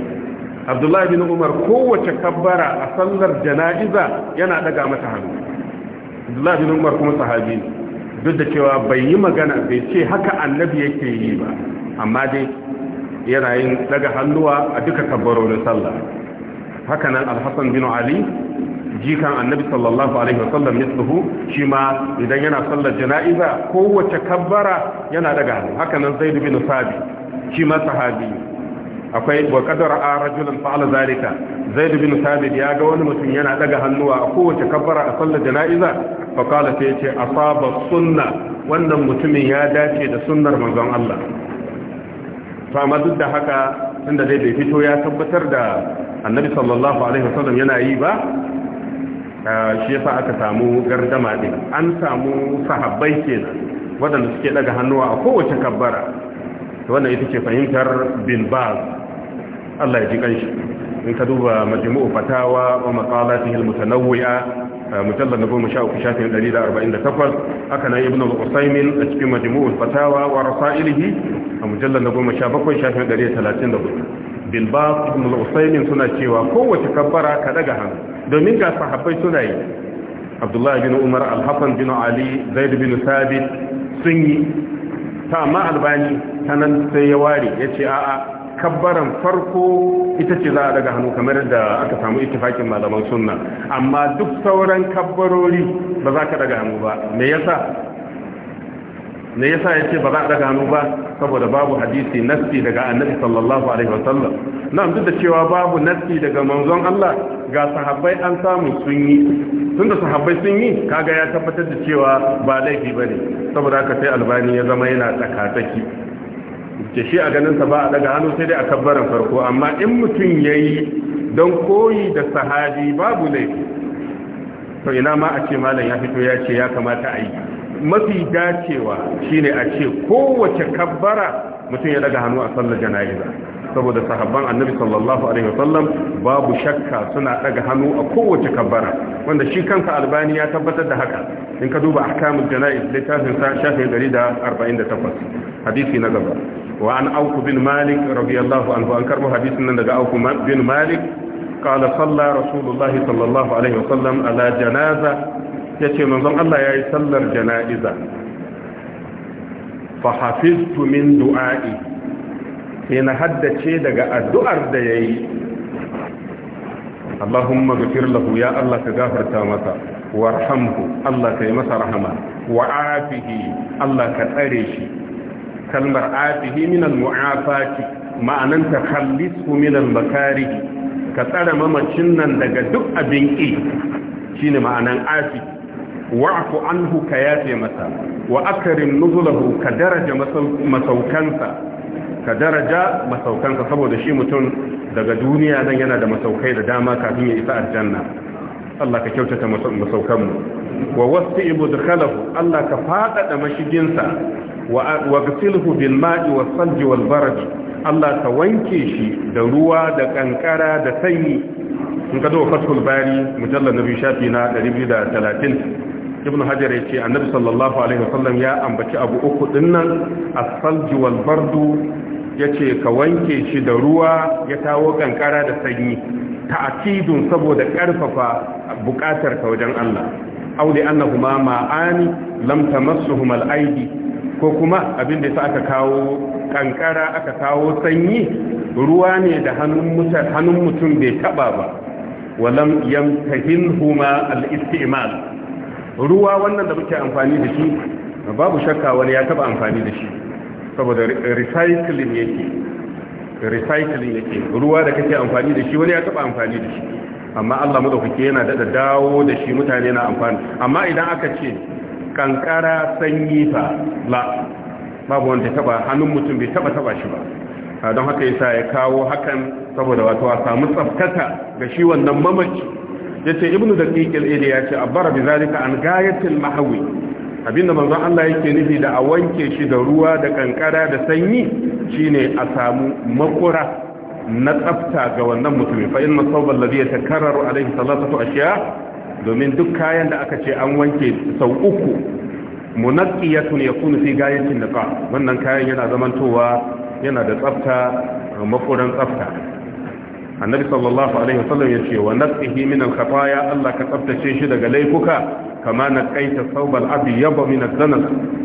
A: Abdullah bin Umar kowace kabbara a sallar jana'iza yana daga mata hannu abdullahi bin umar kuma sahabi ne duk da cewa bai yi magana bai ce haka annabi yake yi ba amma dai yana yin daga hannuwa a duka da sallah haka nan alhassan bin ali jikan annabi sallallahu alaihi wasallam misluhu shi ma idan yana sallar jana'iza kowace kabbara yana daga hannu haka nan zaid bin sabi shi ma sahabi akwai wa qadara a rajulun fa'ala zalika zaid bin ya ga wani mutum yana daga hannuwa a kowace kabbara a sallar jana'iza fa qala sai a asaba sunna wannan mutumin ya dace da sunnar manzon Allah to amma duk da haka tunda zai bai fito ya tabbatar da annabi sallallahu alaihi wasallam yana yi ba shi yasa aka samu gardama din an samu sahabbai kenan waɗanda suke daga hannuwa a kowace kabbara wannan ita ce fahimtar bin baz Allah ya ji kanshi in ka duba majmu'u fatawa wa maqalatihi al-mutanawwi'a mujallad na goma sha uku shafin ɗari da arba'in da takwas haka nan ibn al-usaimin a cikin majmu'u fatawa wa rasailihi a mujallad na goma sha bakwai shafin ɗari da talatin da hudu bilbas ibn al-usaimin suna cewa kowace kabbara ka daga hannu domin ga sahabbai suna yi abdullahi bin umar al-hasan bin ali zaid bin sabit sun yi ta ma albani ta nan sai ya ware ya ce a'a kabbaran farko ita ce za a daga hannu kamar da aka samu ittifakin malaman sunna amma duk sauran kabbarori ba za ka daga hannu ba me yasa me yasa yace ba za a daga hannu ba saboda babu hadisi nassi daga annabi sallallahu alaihi wasallam na duk da cewa babu nassi daga manzon Allah ga sahabbai an samu sun yi tunda sahabbai sun yi kaga ya tabbatar da cewa ba laifi bane saboda haka sai albani ya zama yana tsakataki. ke shi a ganinsa ba a daga hannu sai dai a kabbaran farko amma in mutum ya yi don koyi da sahabi babu laifi to ina ma a ce malam ya fito ya ce ya kamata a yi mafi dacewa shine a ce kowace kabbara mutum ya daga hannu a sallar jana'iza saboda sahabban annabi sallallahu alaihi wasallam babu shakka suna daga hannu a kowace kabbara wanda shi kanka albani ya tabbatar da haka in ka duba ahkamul janaiz littafin sa shafin 148 hadisi na gaba wa an auku bin malik radiyallahu anhu an karbo hadisin nan daga auku bin malik قال صلى رسول sallallahu alaihi الله عليه وسلم على جنازه yace manzon Allah yayi sallar janaiza fa hafiztu min du'a'i sai na haddace daga addu'ar da ya yi Allahumma gafir lahu ya Allah ka gafarta masa warhamhu Allah ka yi masa rahama wa afihi Allah ka tsare shi kalmar afihi Minan al-mu'afati ma'anan ta khallisu min al ka tsare mamacin nan daga duk abin ki shine ma'anan afihi wa'fu anhu ka yafe masa wa akrim nuzulahu ka daraja masaukansa ka daraja masaukanka saboda shi mutum daga duniya zan yana da masaukai da dama kafin ya isa aljanna Allah ka kyautata masaukanmu wa wasu ibu dukhalahu Allah ka faɗaɗa mashiginsa wa gasilhu bil ma'i wa salji wal baraj Allah ka wanke shi da ruwa da kankara da sanyi in ka zo fatul bari mujallar nabi shafi na 230 ibnu hajar ya ce annabi sallallahu alaihi wasallam ya ambaci abu uku dinnan as-salju wal bardu yace ka wanke shi da ruwa ya tawo kankara da sanyi ta'kidun saboda karfafa bukatar ka wajen Allah aw li annahuma ma'ani lam tamassuhuma al-aidi ko kuma abin da yasa aka kawo kankara aka kawo sanyi ruwa ne da hannun mutum hannun mutum bai taba ba walam yamtahinhuma al-istimal ruwa wannan da muke amfani da shi babu shakka wani ya taba amfani da shi saboda recycling yake recycling yake ruwa da kake amfani da shi wani ya taba amfani da shi amma Allah madaukake yana da dawo da shi mutane na amfani amma idan aka ce kankara sanyi fa la babu wanda taba hannun mutum bai taba taba shi ba don haka yasa ya kawo hakan saboda wato a samu tsaftaka ga shi wannan mamaci yace ibnu daqiq al ya ce abbara bi zalika an gayatil mahawi abinda manzan Allah yake nufi da a wanke shi da ruwa da kankara da sanyi shine a samu makura na tsafta ga wannan mutumin fa inna sawbal ladhi yatakarraru alayhi salatu ashiya domin duk kayan da aka ce an wanke sau uku munaqqiyatun yakunu fi gayatin niqab wannan kayan yana zamantowa yana da tsafta makuran tsafta
B: annabi sallallahu alaihi wasallam ya ce wa naqihi min al-khataya Allah ka tsaftace shi daga laifuka kama kaita saubal abi abyad min adh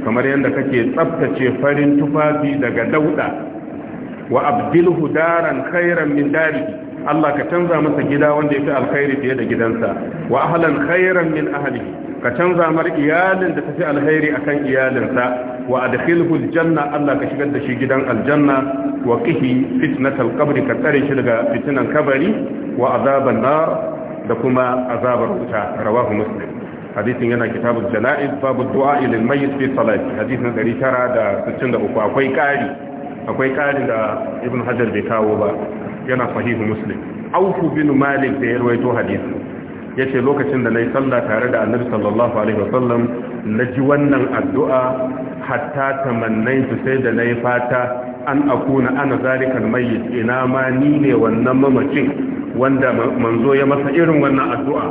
A: kamar yanda kake tsaftace farin tufafi daga dauda wa abdilhu daran khairan min Allah ka canza masa gida wanda ya fi alkhairi fiye da gidansa wa ahlan khairan min ahlihi ka canza mar iyalin da tafi alkhairi akan iyalinsa wa adkhilhu aljanna Allah ka shigar da shi gidan aljanna wa qihi fitnatal qabri ka tsare shi daga fitinan kabari wa azaban nar da kuma azabar wuta rawahu muslim hadisin yana kitabul janaiz babu du'a lil mayyit fi salati hadisin 963 akwai kari akwai kari da ibn hajar bai kawo ba yana sahihu muslim aufu bin malik da ya rawaito hadisi yace lokacin da nayi sallah tare da annabi sallallahu alaihi wasallam naji wannan addu'a hatta tamannaitu sai da nayi fata an akuna ana zalikal mayyit ina ma ni ne wannan mamacin wanda manzo ya masa irin wannan addu'a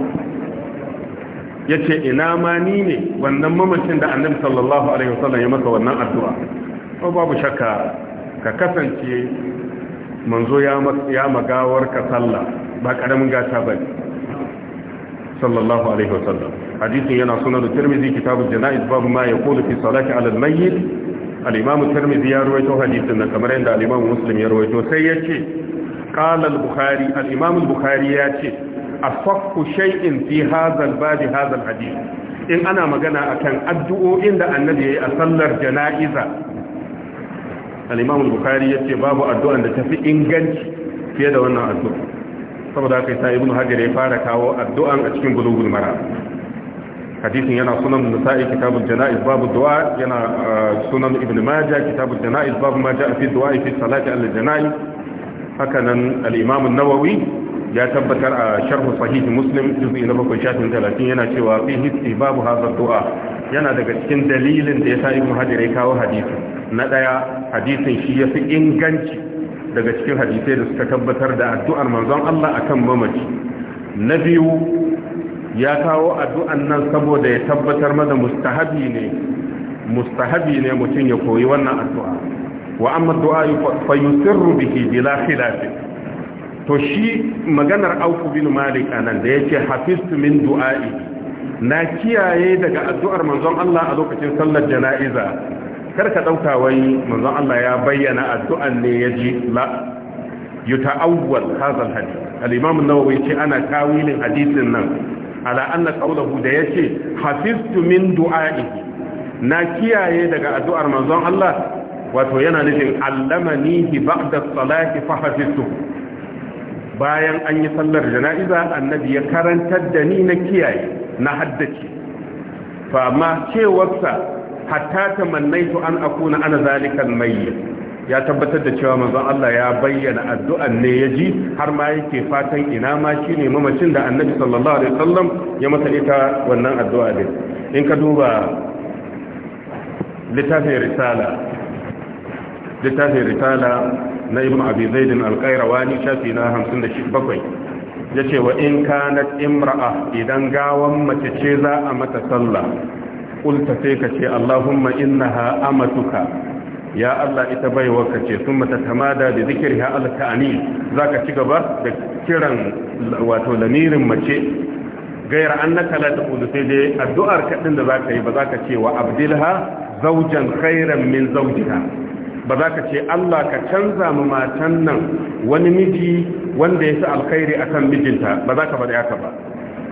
A: yace ina ma ni ne wannan mamacin da annabi sallallahu alaihi wasallam ya masa wannan addu'a ko babu shakka ka kasance manzo ya magawar ka sallah ba karamin gata ba sallallahu alaihi wasallam hadisin yana sunan tirmidhi kitabul janaiz babu ma yaqulu fi salati ala al-mayyit al-imam tirmidhi ya rawaito hadisin nan kamar yadda al-imam muslim ya rawaito sai yace qala al-bukhari al-imam al-bukhari yace afaqu shay'in fi hadha al-bab hadha al-hadith in ana magana akan addu'o'in da annabi yi a sallar janaiza al-imam al-bukhari yace babu addu'an da tafi inganci fiye da wannan addu'a saboda haka sai ibnu hajar ya fara kawo addu'an a cikin bulugul mara hadisin yana sunan nasa’i kitabul janaiz babu du'a yana sunan ibnu majah kitabul janaiz babu ma ja'a fi du'a fi salati al-janaiz haka nan al-imam an-nawawi ya tabbatar a sharhu sahihi muslim juz'i na bakwai shafin talatin yana cewa fi hissi babu hazar du'a yana daga cikin dalilin da ya sa ibn hajar ya kawo hadisi na ɗaya hadisin shi ya fi inganci daga cikin hadisai da suka tabbatar da addu'ar manzon Allah kan mamaci na biyu ya kawo addu'an nan saboda ya tabbatar mada mustahabi ne mustahabi ne mutum ya koyi wannan addu'a wa amma du'a fa yusirru bihi bila khilafin to shi maganar auku bin malik anan da yake hafistu min du'a'i na kiyaye daga addu'ar manzon Allah a lokacin sallar jana'iza kar ka dauka wai manzon Allah ya bayyana addu'an ne yaji la yuta'awwal hadha al-hadith al-imam an ana tawilin hadisin nan ala anna qawluhu da yace hafiztu min du'a'ihi na kiyaye daga addu'ar manzon Allah wato yana nufin allamanihi ba'da salati fa hafiztu bayan an yi sallar jana'iza annabi ya karantar da ni na kiyaye na haddace fa amma cewarsa hatta tamannaitu an akuna ana zalikal mayyit ya tabbatar da cewa manzon Allah ya bayyana addu'an ne ya ji har ma yake fatan ina ma shine mamacin da Annabi sallallahu alaihi wasallam ya masa ita wannan addu'a din in ka duba littafin risala littafin risala na ibn abi zaid al-qayrawani shafi na 57 yace wa in kanat imra'a idan gawan mace ce za a mata sallah kulta sai ka ce Allahumma innaha amatuka ya Allah ita baiwa ce sun mata tamada da zikirha al-ta'ani zaka ci gaba da kiran wato lamirin mace gairar annaka la taqulu sai dai addu'ar ka din da zaka yi ba zaka ce wa abdilha zawjan khairan min zawjiha ba za ka ce Allah ka canza mu matan nan wani miji wanda ya fi alkhairi akan mijinta ba za ka faɗi haka ba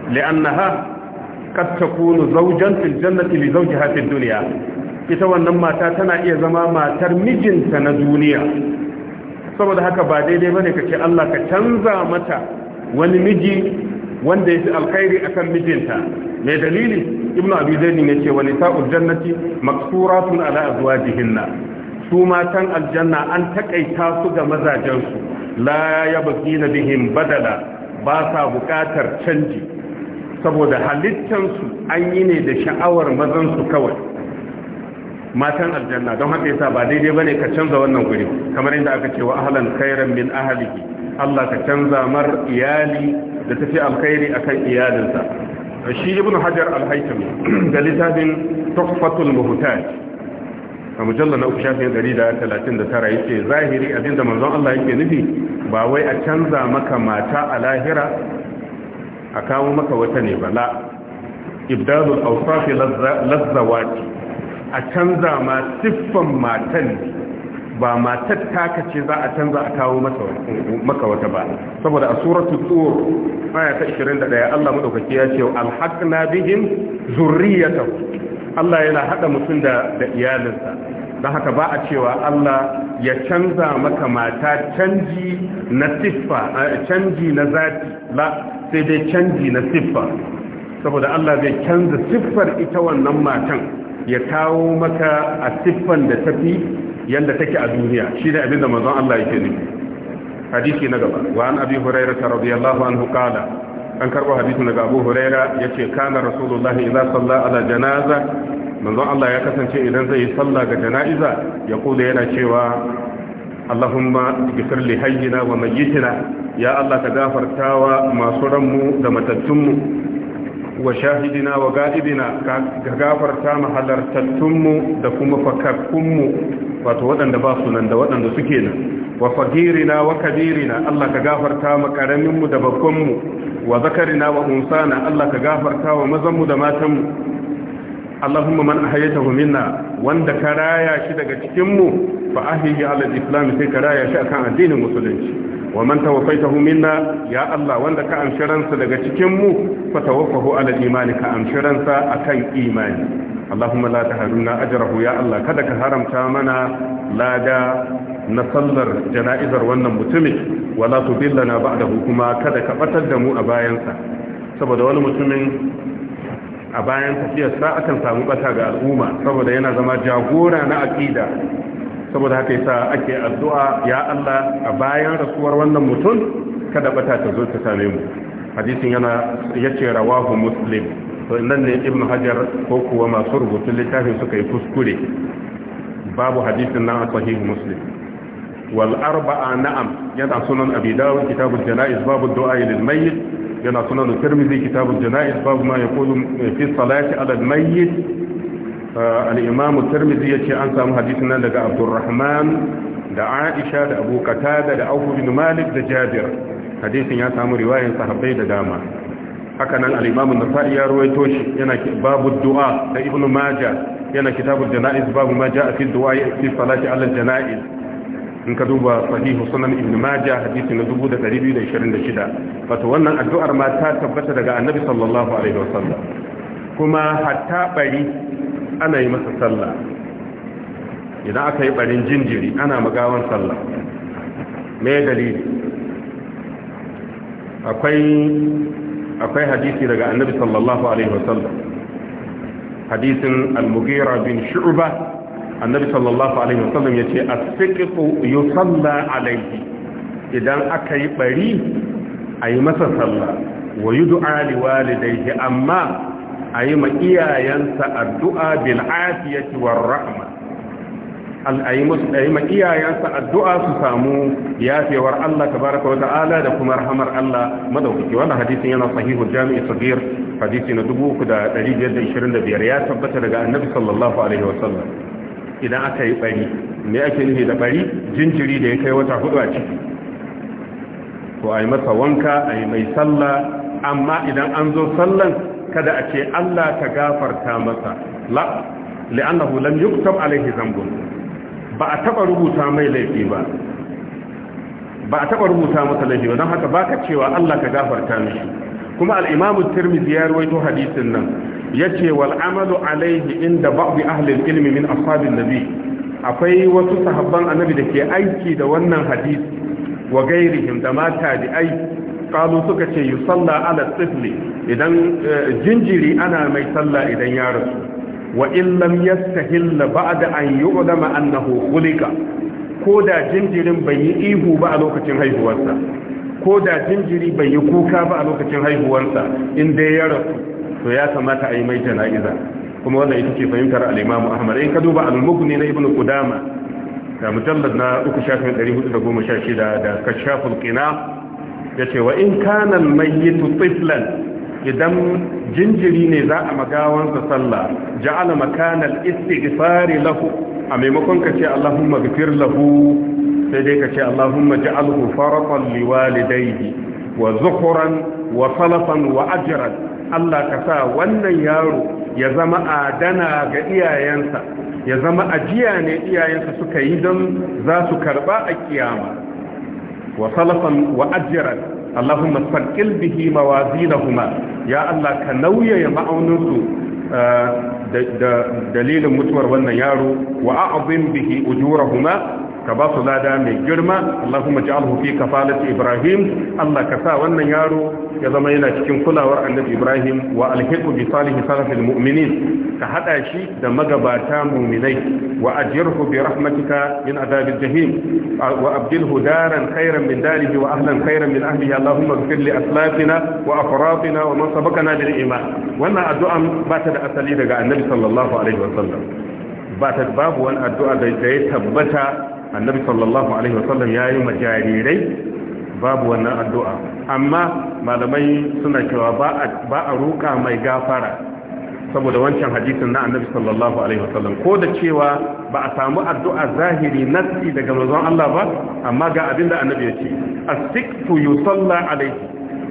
A: li'annaha kad takunu zawjan fil jannati li zawjiha fid ita wannan mata tana iya zama matar mijinta na duniya saboda haka ba daidai bane ce Allah ka canza mata wani miji wanda ya fi alkhairi akan mijinta mai dalili ibnu abi zaid ne ce wani sa'ul jannati maksuratun ala azwajihinna su matan aljanna an takaita su ga mazajen su la yabghina bihim badala ba sa bukatar canji saboda halittansu an yi ne da sha'awar mazansu kawai matan aljanna don haka yasa ba daidai ne ka canza wannan guri kamar inda aka ce wa ahlan khairan min ahlihi Allah ka canza mar iyali da tafi alkhairi akan iyalinsa shi ibnu hajar al-haytami da littafin tuhfatul muhtaj a mujallar na uku shafin 139 yake zahiri abinda manzon Allah yake nufi ba wai a canza maka mata a lahira a kawo maka wata ne bala ibdalul awsaf lazzawati a canza ma siffan matan ba matar taka ce za a canza a kawo maka wata ba saboda a suratul tur aya ta 21 Allah madaukaki ya ce alhaqna bihim zurriyatahum Allah yana hada mutum da da iyalinsa don haka ba a cewa Allah ya canza maka mata canji na siffa eh, canji na zati la sai dai canji na siffa saboda Allah zai canza siffar ita wannan matan ya kawo maka a siffan da tafi yadda take a duniya shi da abin da manzon Allah yake nufi hadisi na gaba wa an abi hurairah radiyallahu anhu qala an karbo hadisin daga abu huraira yace ce kana rasulullahi idza salla ala janaza manzon Allah ya kasance idan zai salla ga jana'iza ya kula yana cewa Allahumma ighfir li hayyina wa mayyitina ya Allah ka gafartawa masu ranmu da matattunmu wa shahidina wa ga'ibina ka gafarta mahalartattunmu da kuma fakakkunmu wato waɗanda ba su nan da waɗanda suke nan wa fagirina wa kabirina Allah ka gafarta ma karaminmu da babbanmu wa zakarina wa unsana Allah ka gafarta wa mazanmu da matanmu Allahumma man ahyaytahu minna wanda ka raya shi daga cikin mu fa ahyihi ala al sai ka raya shi akan addinin musulunci wa man tawaffaitahu minna ya Allah wanda ka amshi sa daga cikin mu fa tawaffahu ala al ka amshi ransa akan imani Allahumma la taharuna ajrahu ya Allah kada ka haramta mana lada na sallar jana'izar wannan mutumin wala tudillana ba'dahu kuma kada ka batar da mu a bayansa saboda wani mutumin a bayan sa akan samu bata ga al'umma saboda yana zama jagora na aqida saboda haka yasa ake addu'a ya Allah a bayan rasuwar wannan mutum kada bata ta zo ta same mu hadisin yana yace rawahu muslim to nan ne ibn hajar ko kuwa masu rubutu littafin suka yi kuskure babu hadisin nan a sahihu muslim wal arba'a na'am yana sunan abi dawud kitabul janaiz babu du'a lil mayyit جنا كنا الترمذي كتاب الجنائز باب ما يقول في الصلاة على الميت آه، الإمام الترمذي يتي أنسى مهديثنا لدى عبد الرحمن دعا عائشة دعا أبو كتادة دعا أوف بن مالك دعا جابر حديث ياسا مرواية صحبي دعما حكنا الإمام النصاري يا رويتوش ينا باب الدعاء ابن ماجا ينا كتاب الجنائز باب ما جاء في الدعاء في الصلاة على الجنائز in ka duba sahihu sunan ibn majah hadisi na 2226 wato wannan addu'ar ma ta tabbata daga annabi sallallahu alaihi wasallam kuma hatta bari ana yi masa sallah idan aka yi barin jinjiri ana magawan sallah me dalili akwai akwai hadisi daga annabi sallallahu alaihi wasallam hadisin al-mughira bin shu'bah annabi sallallahu alaihi wasallam yace as-siqtu yusalla alaihi idan aka yi bari ayi masa sallah wa yud'a li walidayhi amma ayi ma iyayensa addu'a bil afiyati war rahma al ayi ma iyayensa addu'a su samu yafewar Allah tabaaraka wa ta'ala da kuma rahmar Allah madaukaki wannan hadisin yana sahihul jami'i sabir hadisi na 3525 ya tabbata daga annabi sallallahu alaihi wasallam idan aka yi bari me ake nufi da bari jinjiri da ya kai wata hudu a ciki ko a yi masa wanka a yi mai sallah amma idan an zo sallan kada a ce Allah ka gafarta masa la li'annahu lam yuktab alayhi zambun ba a taba rubuta mai laifi ba ba a taba rubuta masa laifi ba don haka baka cewa Allah ka gafarta mishi kuma alimamu imamu tirmidhi ya rawaito hadisin nan ya ce wal'amalu alaihi inda ba'd ahli al-ilmi min ashabin nabi akwai wasu sahabban annabi da ke aiki da wannan hadisi wa gairihim da mata da ai kalu suka ce yi ala tsifli idan eh, jinjiri ana mai salla idan ya rasu wa illam ba da an yu'lama annahu khuliqa ko da jinjirin bai yi ihu ba a lokacin haihuwarsa ko da jinjiri bai yi kuka ba a lokacin haihuwarsa in dai ya rasu to ya kamata a yi mai jana'iza kuma wannan ita ce fahimtar alimamu imam Ahmad in ka duba al-Mughni na Ibn Qudama da mujallad na 3416 da Kashaful Qina yace wa in kana al tu tiflan idan jinjiri ne za a magawansa sallah ja'ala makanal istighfari lahu a maimakon ka ce Allahumma ghfir lahu sai dai ka ce Allahumma ja'alhu faratan walidayhi wa zukhran wa salatan wa ajran Allah ka sa wannan yaro ya zama adana ga iyayensa ya zama ajiya ne iyayensa suka yi don za su karba a kiyama wa salatan wa ajran اللهم ثقل به موازينهما يا الله كنوي يا معونته دليل متور والنيار واعظم به اجورهما ka ba su lada mai girma Allahumma ja'alhu fi kafalati Ibrahim Allah ka sa wannan yaro ya zama yana cikin kulawar Annabi Ibrahim wa alhiqu bi salihi salafil mu'minin ka hada shi da magabata mu'minai wa ajirhu bi rahmatika min adabil jahim wa abdilhu daran khayran min darihi wa ahlan khayran min ahlihi Allahumma ighfir li aslafina wa afratina wa man sabaqana bil iman wannan addu'a ba ta da asali daga Annabi sallallahu alaihi wasallam ba ta babu wani addu'a da ya tabbata annabi sallallahu alaihi wasallam ya yi majarirai babu wannan addu'a amma malamai suna cewa ba a roƙa mai gafara saboda wancan hadisin na annabi sallallahu alaihi wasallam ko da cewa ba a samu addu'a zahiri nassi daga manzon Allah ba amma ga abin da annabi ya ce as-siktu yusalla alaihi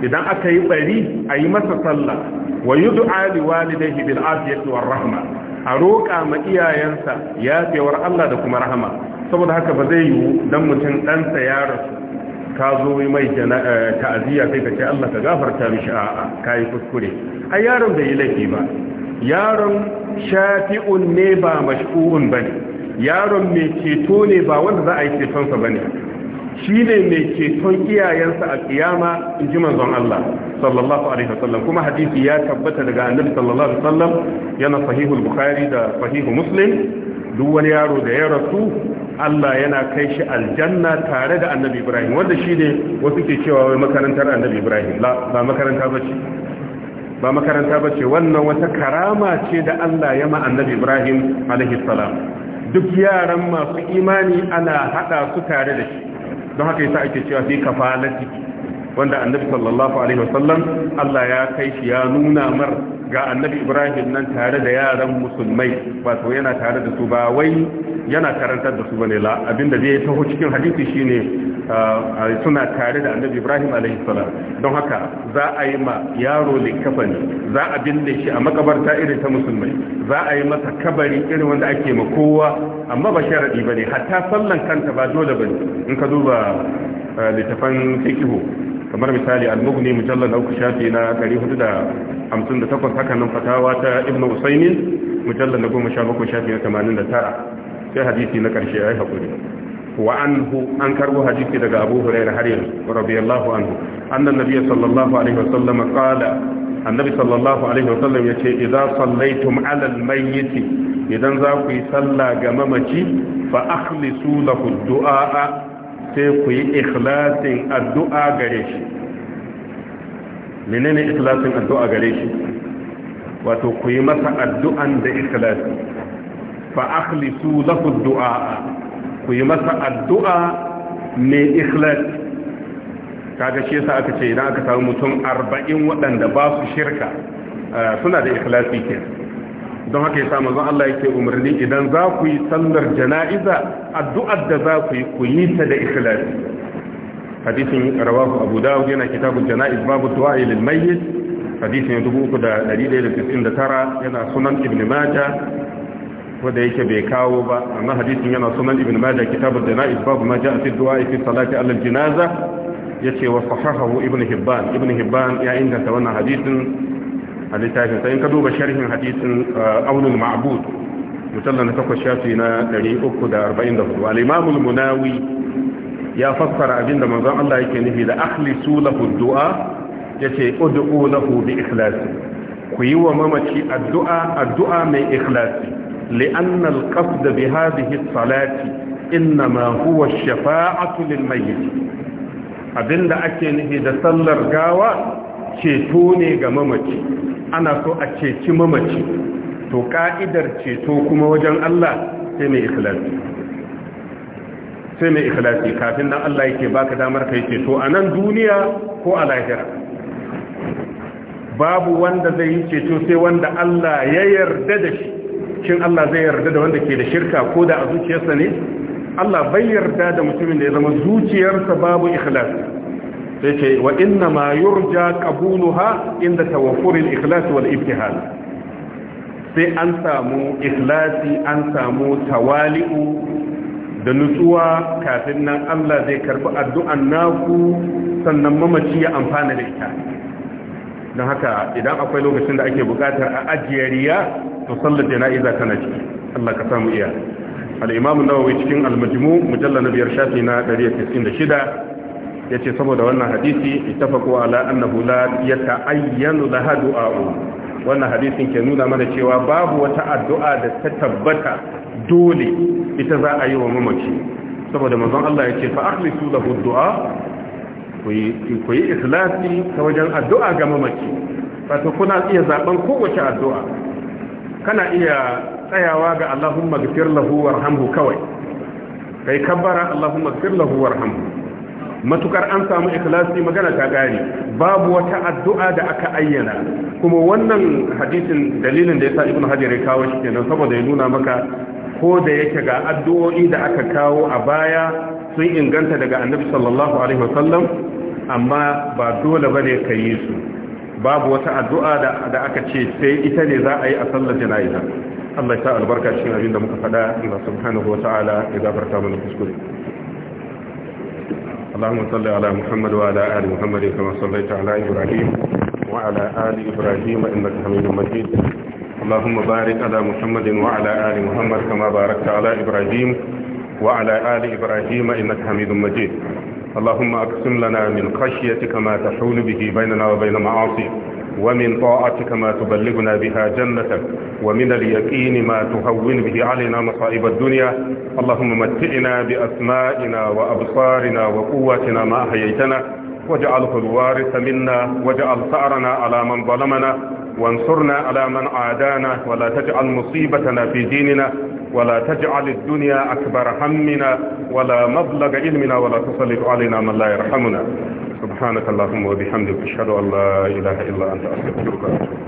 A: idan aka yi bari a yi masa sallah wa yi du'a liwalidaihi bil afiyati rahma a roƙa ma iyayensa yafewar Allah da kuma rahama saboda haka ba zai yiwu dan mutum ɗansa ya rasu ka zo mai eh, ta'aziyya sai ka ce Allah ka gafarta mishi a kai kuskure ai yaron bai yi laifi ba yaron shafi'un ne ba mashku'un bane yaron mai ceto ne ba wanda za a yi cetonsa bane shi ne mai ceton iyayensa a kiyama in ji manzon Allah sallallahu alaihi wasallam kuma hadisi ya tabbata daga annabi sallallahu alaihi wasallam yana sahihul bukhari da sahihul muslim duk wani yaro da ya rasu Allah yana kai shi aljanna tare da annabi Ibrahim wanda shi ne wasu ke cewa wai makarantar annabi Ibrahim ba makaranta ba ce ba makaranta ba ce wannan wata karama ce da Allah ya ma annabi Ibrahim alaihissalam duk yaran masu imani ana hada su tare da shi don haka yasa ake cewa sai kafalati wanda annabi sallallahu alaihi wasallam Allah ya kai shi ya nuna mar ga annabi Ibrahim nan tare da yaran musulmai wato yana tare da su ba wai yana karantar da su bane la abinda zai taho cikin hadisi shine suna tare da annabi Ibrahim alaihi salam don haka za a yi ma yaro likafani za a binne shi a makabarta irin ta musulmai za a yi masa kabari irin wanda ake ma kowa amma ba sharadi bane hatta sallan kanta ba dole bane in ka duba littafan fikihu kamar misali al-mughni mujallal na uku shafi na 458 haka nan fatawa ta ibnu usaymin mujallal na 17 shafi na 89 sai hadisi na karshe ai hakuri wa anhu an karbo hadisi daga abu hurairah har yanzu radiyallahu anhu annan nabiy sallallahu alaihi wasallam qala annabi sallallahu alaihi wasallam yace idza sallaitum ala al-mayyit idan za ku yi sallah ga mamaci fa akhlisu lahu du'a sai ku yi ikhlasin addu'a gare shi menene ikhlasin addu'a gare shi wato ku yi masa addu'an da ikhlasi fa akhlisu lahu du'a ku yi masa addu'a mai ikhlasi kaga shi yasa aka ce idan aka samu mutum 40 waɗanda ba su shirka eh, suna da ikhlasi kenan don haka yasa manzon Allah yake umarni idan za ku yi sallar jana'iza addu'ar da za ku yi ku yi ta da ikhlasi hadisin rawahu Abu Dawud yana kitabu jana'iz babu du'a lil mayyit hadisin 3199 yana sunan Ibn Majah wanda yake bai kawo ba amma hadisin yana sunan Ibn Majah kitabu jana'iz babu ma ja'a fi du'a fi salati al janaza yace wa sahahahu Ibn Hibban Ibn Hibban ya inganta wannan hadisin a littafin sai in ka duba sharhin hadisin uh, aunul ma'bud mutallan na takwas shafi na 344 al munawi ya fassara abinda manzon Allah yake nufi da akhlisu lahu du'a yace ud'u lahu bi ikhlasi ku yi wa mamaci addu'a addu'a mai ikhlasi li'anna al-qasd bi hadhihi as-salati innama huwa ash-shafa'atu lil mayyit abinda ake nufi da sallar gawa ceto ne ga mamaci ana so a ceci mamaci to ka'idar ceto kuma wajen Allah sai mai ikhlasi sai mai ikhlasi kafin nan Allah yake baka damar kai ceto a nan duniya ko a lahira babu wanda zai yi ceto sai wanda Allah ya yarda da shi shin Allah zai yarda da wanda ke da shirka ko da a zuciyarsa ne Allah bai yarda da mutumin da ya zama zuciyarsa babu ikhlasi sai ce wa inna ma yurja qabuluha inda tawaffur al-ikhlas wal ibtihal sai an samu ikhlasi an samu tawali'u da nutsuwa kafin nan Allah zai karbi addu'an naku sannan mamaci ya amfana da ita don haka idan akwai lokacin da ake bukatar a ajiye riya to sallar jana'iza kana ciki Allah ka samu iya al-imam an-nawawi cikin al-majmu' mujallal na biyar shafi na 196 Ya ce saboda wannan hadisi ittafaqu ala annahu la yata'ayyanu laha du'a'u wannan hadisin ke nuna mana cewa babu wata addu'a da ta tabbata dole ita za a yi wa mamaci saboda manzon Allah ya yace fa akhlisu lahu du'a ku yi ikhlasi ta wajen addu'a ga mamaci wato kuna iya zaben kowace addu'a kana iya tsayawa ga Allahumma gafir lahu warhamhu kawai kai kabbara Allahumma gafir lahu warhamhu matukar an samu ikilasi magana ta gari babu wata addu'a da aka ayyana kuma wannan hadisin dalilin da ya sa ibnu hajar ya kawo shi kenan saboda ya nuna maka ko da yake ga addu'o'i da aka kawo a baya sun inganta daga annabi sallallahu alaihi wasallam amma ba dole bane ka yi su babu wata addu'a da aka ce sai ita ne za a yi a sallar jana'iza Allah ya sa albarka cikin abin da muka faɗa Allah subhanahu wa ta'ala ya gafarta mana kuskure اللهم صل على محمد وعلى آل محمد كما صليت على إبراهيم وعلى آل إبراهيم إنك حميد مجيد اللهم بارك على محمد وعلى آل محمد كما باركت على إبراهيم وعلى آل إبراهيم إنك حميد مجيد اللهم أقسم لنا من خشيتك ما تحول به بيننا وبين معاصيك ومن طاعتك ما تبلغنا بها جنتك ومن اليقين ما تهون به علينا مصائب الدنيا اللهم متئنا بأسمائنا وأبصارنا وقواتنا ما أحييتنا واجعله الوارث منا واجعل ثأرنا على من ظلمنا وانصرنا على من عادانا ولا تجعل مصيبتنا في ديننا ولا تجعل الدنيا أكبر همنا ولا مبلغ علمنا ولا تسلط علينا من لا يرحمنا سبحانك اللهم وبحمدك أشهد أن لا إله إلا أنت أستغفرك